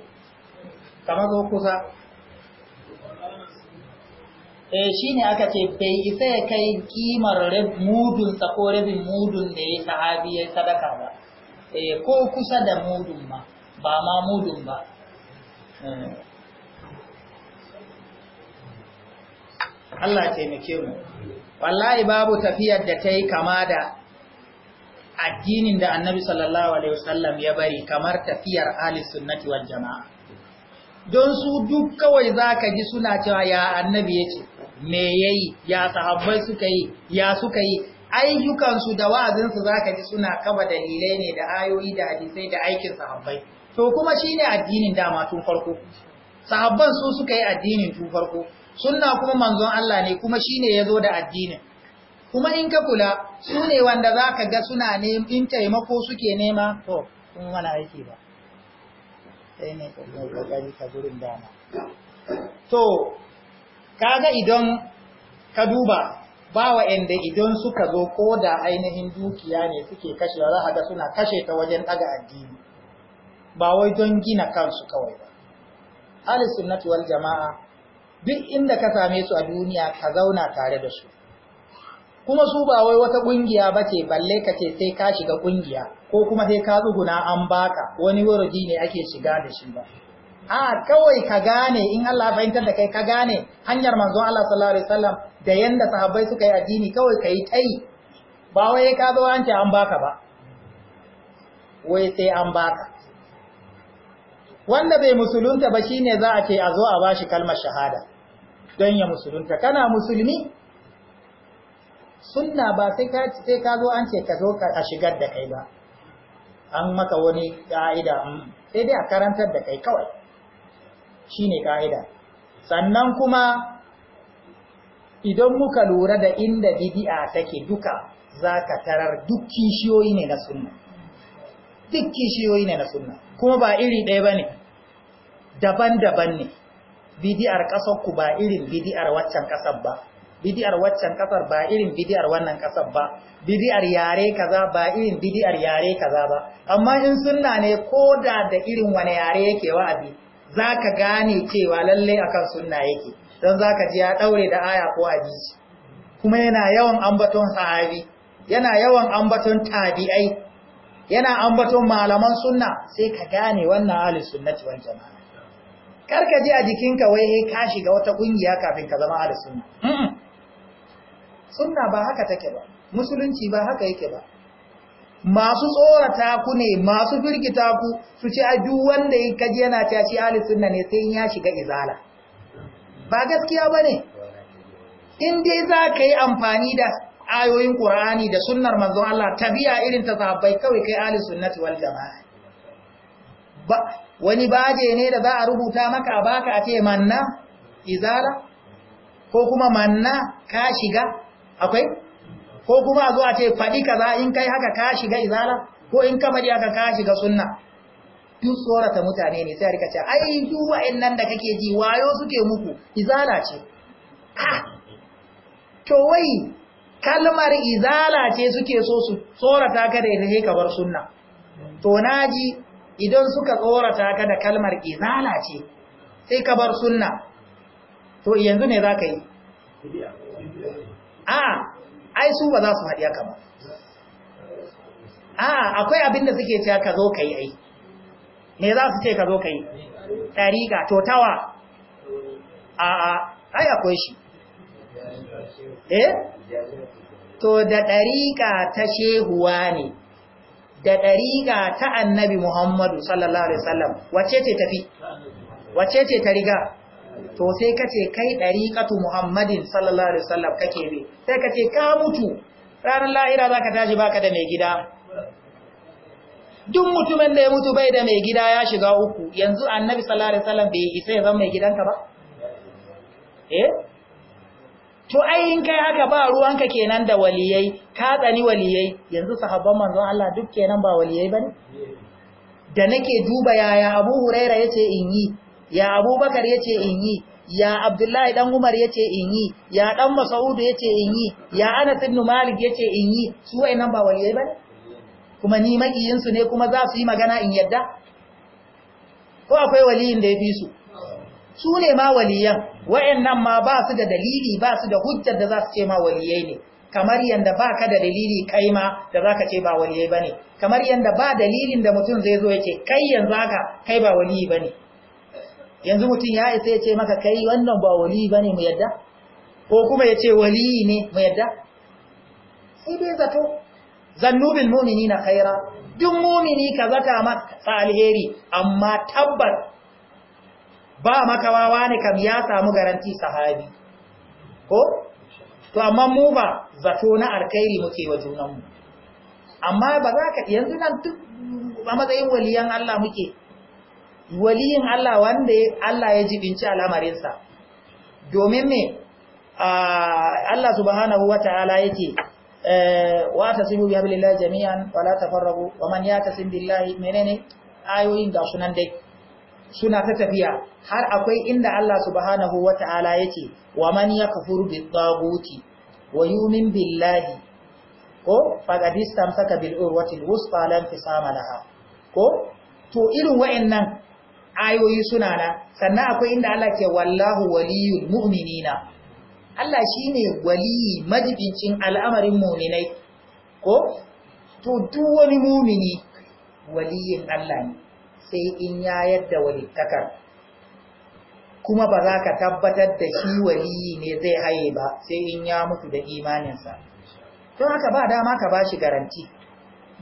kamar zo kusa eh shine aka ce bai isa ya kai kimar mudun ko rabin mudun da sahabi ya sadaka ba eh ko kusa da mudun ma ba ma mudun ba eh. Allah taimake mu wallahi babu tafiyar da ta yi kama da addinin da annabi sallallahu alaihi wasallam ya bari kamar tafiyar ahli sunnati wal jama'a don su duk kawai zaka ji suna cewa ya annabi yace me yayi ya sahabbai suka yi ya suka yi ayyukansu da wa'azinsu za ka ji suna kaba dalilai ne da ayoyi da hadisai da aikin sahabbai to kuma shi ne addinin dama tun farko sahabban su suka yi addinin tun farko sunna kuma manzon Allah ne kuma shi ne ya zo da addinin kuma in ka kula su ne wanda za ka ga suna ne in taimako suke nema to kun wani aiki ba sai ne ka gurin dama to ga idan ka duba ba wa inda idan suka zo ko da ainihin dukiya ne suke kashewa za a ga suna kashe ta wajen ɗaga addini ba wai don gina kansu kawai ba ahlus sunnati jama'a duk inda ka same su a duniya ka zauna tare da su kuma su ba wai wata kungiya bace balle ka ce sai ka shiga kungiya ko kuma sai ka tsuguna an baka wani wurudi ne ake shiga da shi ba a kawai ka gane in Allah fahimtar da kai ka gane hanyar manzon Allah sallallahu alaihi wasallam da yanda sahabbai suka yi addini kawai kai tai ba wai ka zo an ce an baka ba wai sai an baka wanda bai musulunta ba shine za a ce a zo a bashi kalmar shahada don ya musulunta kana musulmi sunna ba sai ka sai ka zo an ce ka zo ka a shigar da kai ba an maka wani ka'ida mm, sai dai a karantar da kai kawai ne ka'ida sannan kuma idan muka lura da inda bidi'a take duka za ka tarar duk kishiyoyi ne na sunna duk kishiyoyi ne na suna, kuma ba iri ɗaya ba ne daban-daban ne Bidi'ar ƙasar ku ba irin bidi'ar waccan ƙasar ba bidi'ar waccan ƙasar ba irin bidi'ar wannan ƙasar ba bidi'ar yare kaza ba irin bidi'ar yare kaza ba amma in suna ne ko da irin wani yare yake wa'azi za ka gane cewa lallai akan sunna yake don za ka ji ya ɗaure da aya ko hadisi kuma yana yawan ambaton sahabi yana yawan ambaton tabi'ai yana ambaton malaman sunna sai ka gane wannan ahli sunnati wal jama'a kar ka ji a jikinka wai eh ka shiga wata kungiya kafin ka zama ahli sunna sunna ba haka take ba musulunci ba haka yake ba masu tsorata ku ne masu firgita ku su ci a duk wanda ya kaji yana ta shi ahli sunna ne sai ya shiga izala ba gaskiya bane in dai za ka yi amfani da ayoyin Qur'ani da sunnar manzon Allah tabiya irin ta sahabbai kawai kai ahli sunnati wal jamaa ba wani baje ne da za a rubuta maka a baka a ce manna izala ko kuma manna ka shiga akwai ko kuma zuwa ce faɗi kaza in kai haka ka shiga izala ko in ka faɗi haka ka shiga sunna duk tsorata mutane ne sai a rika ce ai duk wa'annan da kake ji wayo suke muku izala ce ah! to wai kalmar izala ce suke so su tsorata ka da ita ka sunna to naji idan suka tsorata ka da kalmar izala ce sai kabar sunna to yanzu ne za ka yi a ai su ba za su haɗi haka ba a akwai abin da suke cewa ka zo ka yi ai me za su ce ka zo ka yi ɗariƙa to tawa a a ai akwai shi eh to da ɗariƙa ta shehuwa ne da ɗariƙa ta annabi muhammadu sallallahu alaihi wasallam wacce ce tafi wacce ce ta riga to sai ka ce kai ɗariƙatu muhammadin sallallahu alaihi wasallam kake bi sai ka ce ka mutu ranar la'ira za ka tashi baka da mai gida duk mutumin da ya mutu bai da mai gida ya shiga uku yanzu annabi sallallahu alaihi wasallam bai isa ya zama mai gidanka ba eh to ai in kai haka ba ruwanka kenan da waliyai ka tsani waliyai yanzu sahabban manzon Allah duk kenan ba waliyai bane da nake duba yaya Abu Huraira yace in yi ya abubakar ya ce in yi ya abdullahi dan umar ya ce in yi ya dan masaudu ya ce in yi ya anas ibn malik ya ce in yi su wayannan ba waliyai ba kuma ni makiyinsu ne kuma za su yi magana in yadda ko akwai waliyin da ya fi su su ne ma waliyan wayannan ma ba su da dalili ba su da hujjar da za su ce ma waliyai ne kamar yanda ba ka da dalili kai ma da za ka ce ba waliyai ba ne kamar yanda ba dalilin da mutum zai zo ya ce kai yanzu haka kai ba waliyi ba ne yanzu mutum ya isa ya ce maka kai wannan ba wali ba ne mu yadda ko kuma ya ce wali ne mu yadda sai dai zato zannubin mumini na kaira duk mumini ka zata masa alheri amma tabbar ba makawawa ne kam ya samu garanti sahabi ko to amma mu ba zato na alkhairi muke wa junanmu amma ba za ka yanzu nan duk a matsayin waliyan Allah muke waliyin Allah wanda Allah ya jibinci al'amarinsa domin me Allah subhanahu wata'ala yake eh, wa tasimu bi hablillahi jami'an wa la tafarraqu wa man yatasim billahi menene ayoyin ga sunan dai suna ta tafiya har akwai inda Allah subhanahu ya yake wa man yakfur bi taghuti wa yu'min billahi ko faqad istamsaka bil urwatil wusqa lan fisama laha ko to irin wa'annan ayoyi suna nan sannan akwai inda Allah ke wallahu waliyul mu'minina Allah shine waliyi majibincin al'amarin mu'minai ko to duk wani mu'mini waliyin Allah ne sai in ya yadda walittakar kuma ba za ka tabbatar da shi waliyi ne zai haye ba sai in ya mutu da imaninsa don haka ba dama ka bashi garanti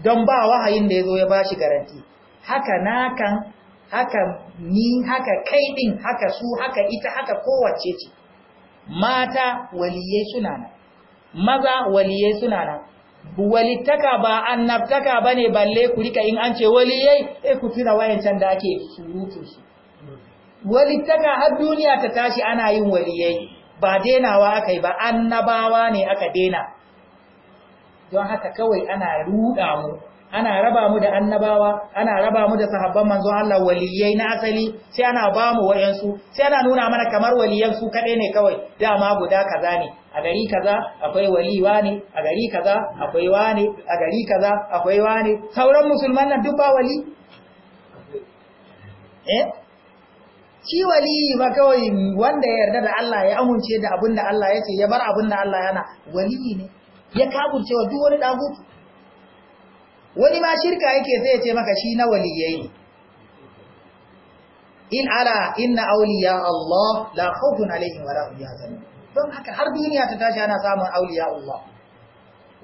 don ba wahayin da ya zo ya bashi garanti haka nakan haka ni haka kai din haka su haka ita haka kowace ce mata waliyai suna nan maza waliyai suna nan walittaka ba annabtaka bane balle ku rika in an ce waliyai eh ku tuna wayancan da ake surutu su walittaka har duniya ta tashi ana yin waliyai ba denawa aka yi ba annabawa ne aka dena don haka kawai ana ruda mu ana raba mu da annabawa ana raba mu da sahabban manzon Allah waliyai na asali sai ana ba mu wayansu sai ana nuna mana kamar waliyan su kadai ne kawai dama guda kaza ne a gari kaza akwai wali wani a gari kaza akwai wani a gari kaza akwai wani sauran musulman nan duk ba wali eh shi wali ba kawai wanda ya yarda da Allah ya amince da abinda Allah yake ya bar abinda Allah yana wali ne ya kabulce wa duk wani dagutu wani ma shirka yake zai ce maka shi na waliyai in ala inna awliya Allah la khawfun alaihim wa la hum yahzanun don haka har duniya ta tashi ana samun awliya Allah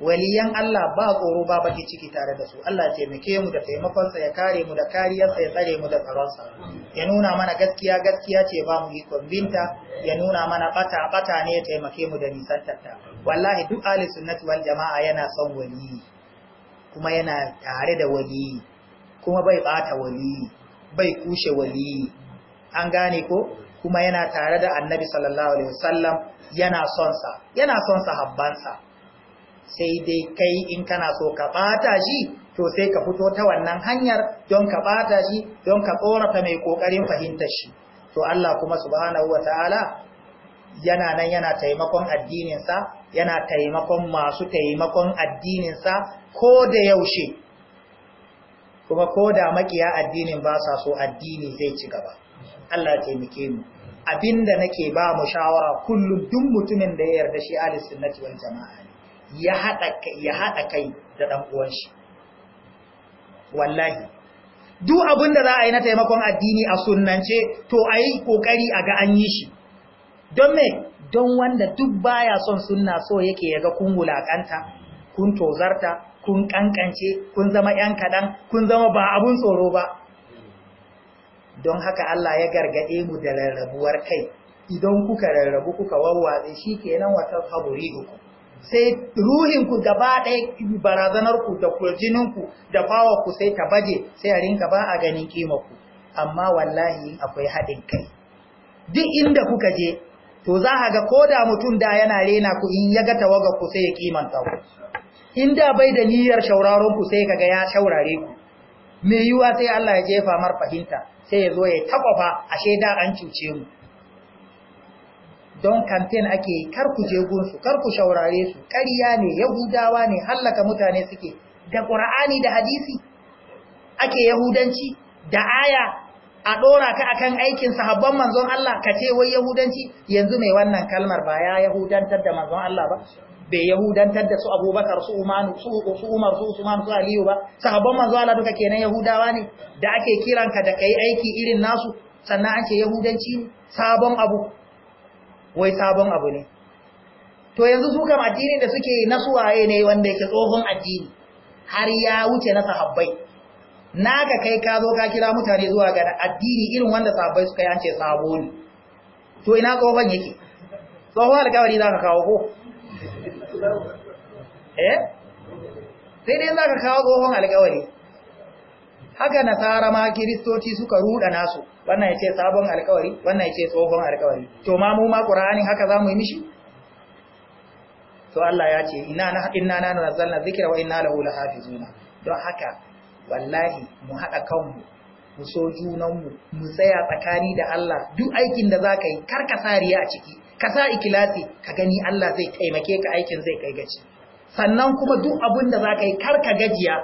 waliyan Allah ba tsoro ba baki ciki tare da su Allah taimake mu da taimakon sa ya kare mu da kariyar sa ya tsare mu da tsaron sa ya nuna mana gaskiya gaskiya ce ba mu ikon binta ya nuna mana bata bata ne ya taimake mu da nisan tatta wallahi duk ahli sunnati wal jamaa yana son waliyi kuma yana tare da wali, kuma bai bata wali, bai kushe wali. an gane ko kuma yana tare da annabi sallallahu alaihi wasallam yana son sa yana son sahabbansa sai dai kai in kana so ka bata shi to sai ka fito ta wannan hanyar don ka bata shi don ka tsorata mai kokarin fahimtar shi to Allah kuma subhanahu wataala yana nan yana taimakon addininsa yana taimakon masu taimakon addininsa ko da yaushe kuma ko da makiya addinin ba sa so addini zai ci gaba Allah taimake mu abinda nake ba mu shawara kullum duk mutumin da ya yarda shi ahli sunnati wal jama'a ya hada kai ya hada kai da dan uwan shi wallahi duk abinda za a yi na taimakon addini a sunnance to ayi kokari a ga an yi shi don me don wanda duk baya son sunna so yake yaga kun wulakanta kun tozarta kun kankance kun zama yan kadan kun zama ba abun tsoro ba don haka Allah ya gargade mu da rarrabuwar kai idan kuka rarrabu kuka wawwatse shikenan wata ku sai ruhin ku gaba ɗaya barazanar ku da kurjinin ku da bawa ku sai ta baje sai a rinka ba a ganin kima amma wallahi akwai haɗin kai duk inda kuka je to za a ga ko da mutum da yana rena ku in ya ga tawaga ku sai ya kimanta ku in da bai da niyyar shauraron ku sai kaga ya shaurare ku me yiwa sai Allah ya jefa mar fahimta sai ya zo ya takwafa a da an cuce mu don campaign ake kar ku je su, kar ku shaurare su ƙarya ne yahudawa ne hallaka mutane suke da qur'ani da hadisi ake yahudanci da aya a ɗora a kan aikin sahabban manzon Allah ka ce wai yahudanci yanzu mai wannan kalmar ba ya yahudantar da manzon Allah ba bai yahudantar da su abubakar su Umaru su umar su usman su aliyu ba sahabban manzon Allah duka kenan yahudawa ne da ake kiranka da kai aiki irin nasu sannan an ce yahudanci sabon abu wai sabon abu ne to yanzu su kam addinin da suke nasuwaye ne wanda yake tsohon addini har ya wuce na sahabbai naka kai ka zo ka kira mutane zuwa ga addini irin wanda sabai suka yance sabo ne to ina tsohon yake tsohon alkawari za ka kawo ko eh sai dai za ka kawo tsohon alkawari haka nasara ma kiristoci suka ruda nasu wannan ya ce sabon alkawari wannan ya ce tsohon alkawari to ma mu ma ƙura'anin haka za mu yi mishi to Allah ya ce inna na nazzalna dhikra wa inna lahu lahafizuna don haka wallahi mu haɗa kanmu mu so junanmu mu tsaya tsakani da Allah duk aikin da za ka yi kar ka sa a ciki ka sa ikilasi ka gani Allah zai taimake ka aikin zai kai gaci sannan kuma duk abun da za ka yi kar ka gajiya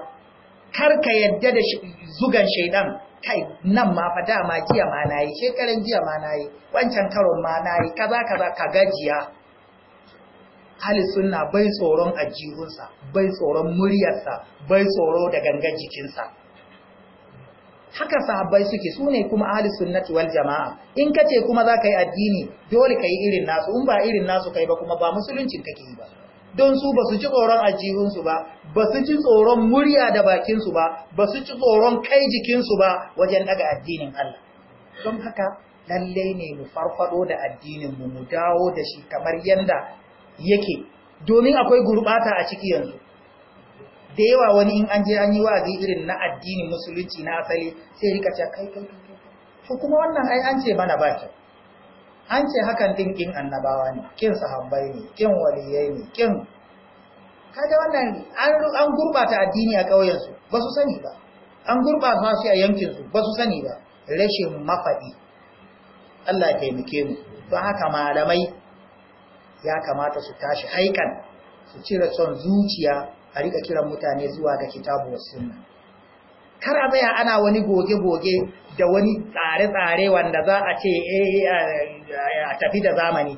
kar ka yadda da zugan shaidan kai nan ma fa ma jiya ma nayi shekaran jiya ma nayi wancan karon ma nayi kaza kaza ka gajiya ahli sunna bai tsoron ajihunsa bai tsoron muryarsa bai tsoro da gangan jikinsa haka sahabbai suke su ne kuma ahli sunnati wal jama'a in ka ce kuma za ka yi addini dole ka yi irin nasu in ba irin nasu kai ba kuma ba musuluncin kake yi ba don su ba su ci tsoron ajihunsu ba ba su ci tsoron murya da bakinsu ba ba su ci tsoron kai jikinsu ba wajen daga addinin Allah don haka lallai ne mu farfado da addinin mu mu dawo da shi kamar yanda yake domin akwai gurbata a ciki yanzu da yawa wani in an je an yi wa'azi irin na addinin musulunci na asali sai rika ce kai kai kai to kuma wannan ai an ce mana baki an ce hakan din kin annabawa ne kin sahabbai ne kin waliyai ne kin kaje wannan an gurbata addini a kauyen su ba su sani ba an gurbata su a yankin su ba su sani ba rashin mafadi Allah ya taimake mu don haka malamai ya kamata su tashi haikan su cire son zuciya a rika kiran mutane zuwa ga kitabu wa sunna kar a ana wani goge-goge da wani tsare-tsare wanda za a ce eh, eh, eh, a tafi da zamani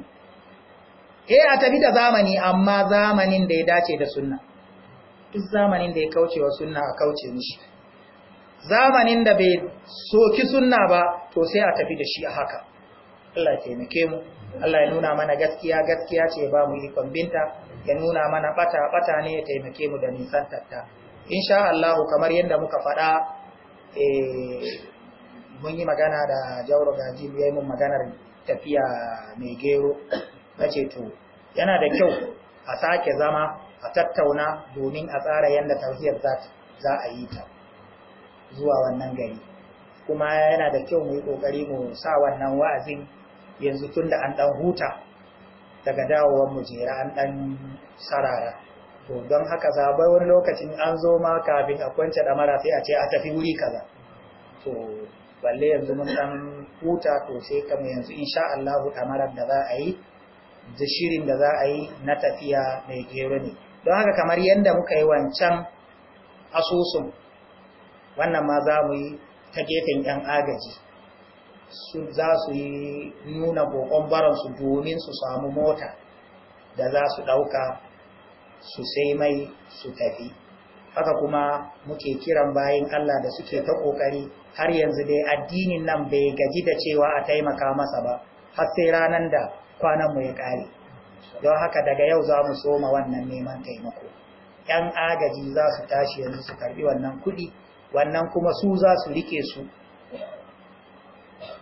eh a tafi da zamani amma zamanin da ya dace da sunna duk zamanin da ya kauce wa sunna a kauce mishi zamanin da bai soki sunna ba to sai a tafi da shi a haka Allah ya taimake mu Allah ya nuna mana gaskiya gaskiya ce ba mu ikon binta ya nuna mana bata bata ne ya taimake mu da nisan tatta insha Allah kamar yadda muka faɗa eh mun yi magana da Jauro Gaji ya mun maganar tafiya mai gero nace to yana da kyau a sake zama a tattauna domin a tsara yadda tafiyar za a yi ta zuwa wannan gari kuma yana da kyau mu yi kokari mu sa wannan wa'azin yanzu tun da an ɗan huta daga dawowar mujera an ɗan sarara to don haka zabai wani lokacin an zo ma kafin a kwance ɗamara sai a ce a tafi wuri kaza to balle yanzu mun ɗan huta to sai kama yanzu insha Allahu ɗamarar da za a yi da shirin da za a yi na tafiya mai gero ne don haka kamar yadda muka yi wancan asusun wannan ma za mu yi ta gefen 'yan agaji su za su yi nuna bokon baransu domin su samu mota da za su ɗauka su sai mai su tafi haka kuma muke kiran bayan Allah da suke ta ƙoƙari har yanzu dai addinin nan bai gaji da cewa a taimaka masa ba har sai ranar da kwananmu ya ƙare don haka daga yau za mu soma wannan neman taimako ‘yan agaji za su tashi yanzu su karbi wannan kuɗi wannan kuma su za su rike su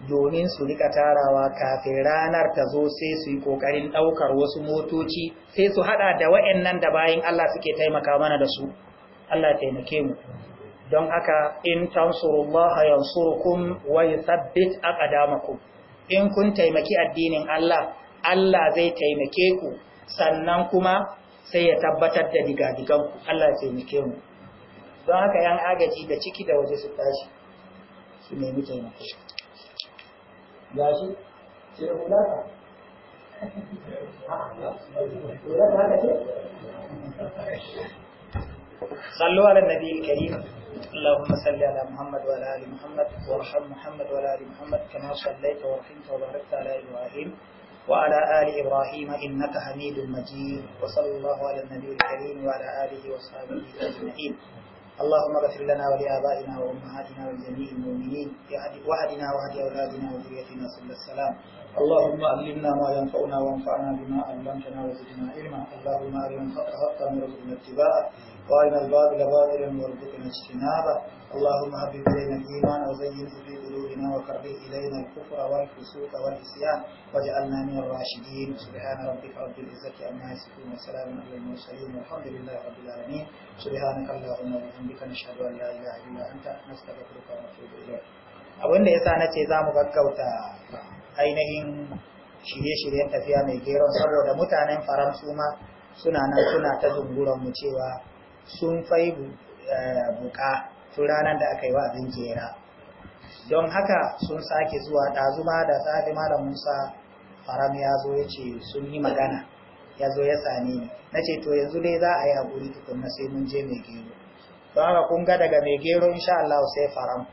domin su rika tarawa kafin ranar ta zo sai su yi ƙoƙarin ɗaukar wasu motoci sai su haɗa da wa'annan da bayan Allah suke taimaka mana da su Allah taimake mu don haka in tansurullah yansurukum wa yuthabbit aqdamakum in kun taimaki addinin Allah Allah zai taimake ku sannan kuma sai ya tabbatar da ku. Allah ya taimake mu don haka yan agaji da ciki da waje su tashi su nemi taimako gashi ce hulaka hulaka haka ce sallu ala nabiyil karim اللهم صل على محمد وعلى ال محمد وارحم محمد وعلى ال محمد كما صليت ورحمت وباركت على ابراهيم وعلى ال ابراهيم انك حميد مجيد وصلى الله على النبي الكريم وعلى اله وصحبه اجمعين اللهم اغفر لنا ولآبائنا وأمهاتنا ولجميع المؤمنين وأهدنا وأهد أولادنا وذريتنا سبل السلام اللهم علمنا ما ينفعنا وانفعنا بما علمتنا وزدنا علما اللهم أرنا الحق حقا وارزقنا اتباعه وارنا الباطل باطلا وارزقنا اجتنابه اللهم حبب الينا الايمان وزينه في قلوبنا وكره الينا الكفر والفسوق والعصيان واجعلنا من الراشدين سبحان ربك رب العزه عما يصفون وسلام على المرسلين والحمد لله رب العالمين سبحانك اللهم وبحمدك نشهد ان لا اله الا انت نستغفرك ونتوب اليك abin da yasa nace za mu gaggauta ainihin shirye-shiryen tafiya mai geron saboda mutanen faransu ma suna nan suna ta zunguran mu cewa sun fai buka eh, tun ranar da aka yi wa abin jera don haka sun sake zuwa ɗazuma da safe malam musa faram ya zo ya ce sun yi magana ya zo ya same ni na ce to yanzu dai za a yi haƙuri na sai mun je mai gero don haka kun ga daga mai gero insha Allah sai faram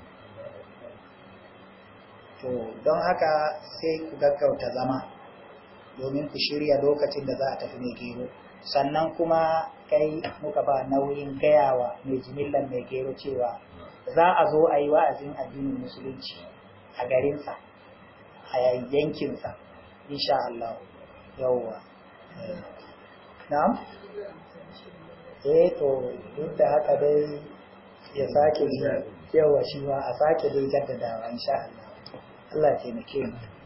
to don haka sai ku gaggauta zama domin ku shirya lokacin da za a tafi mai gero sannan kuma kai muka ba nauyin gayawa mai jimillan mai gero cewa za a zo a yi wa'azin addinin musulunci a garinsa a yankinsa insha Allah yawwa na'am eh to duk da haka dai ya sake yi yawa shi ma a sake dai jaddadawa insha Allah Allah ya taimake mu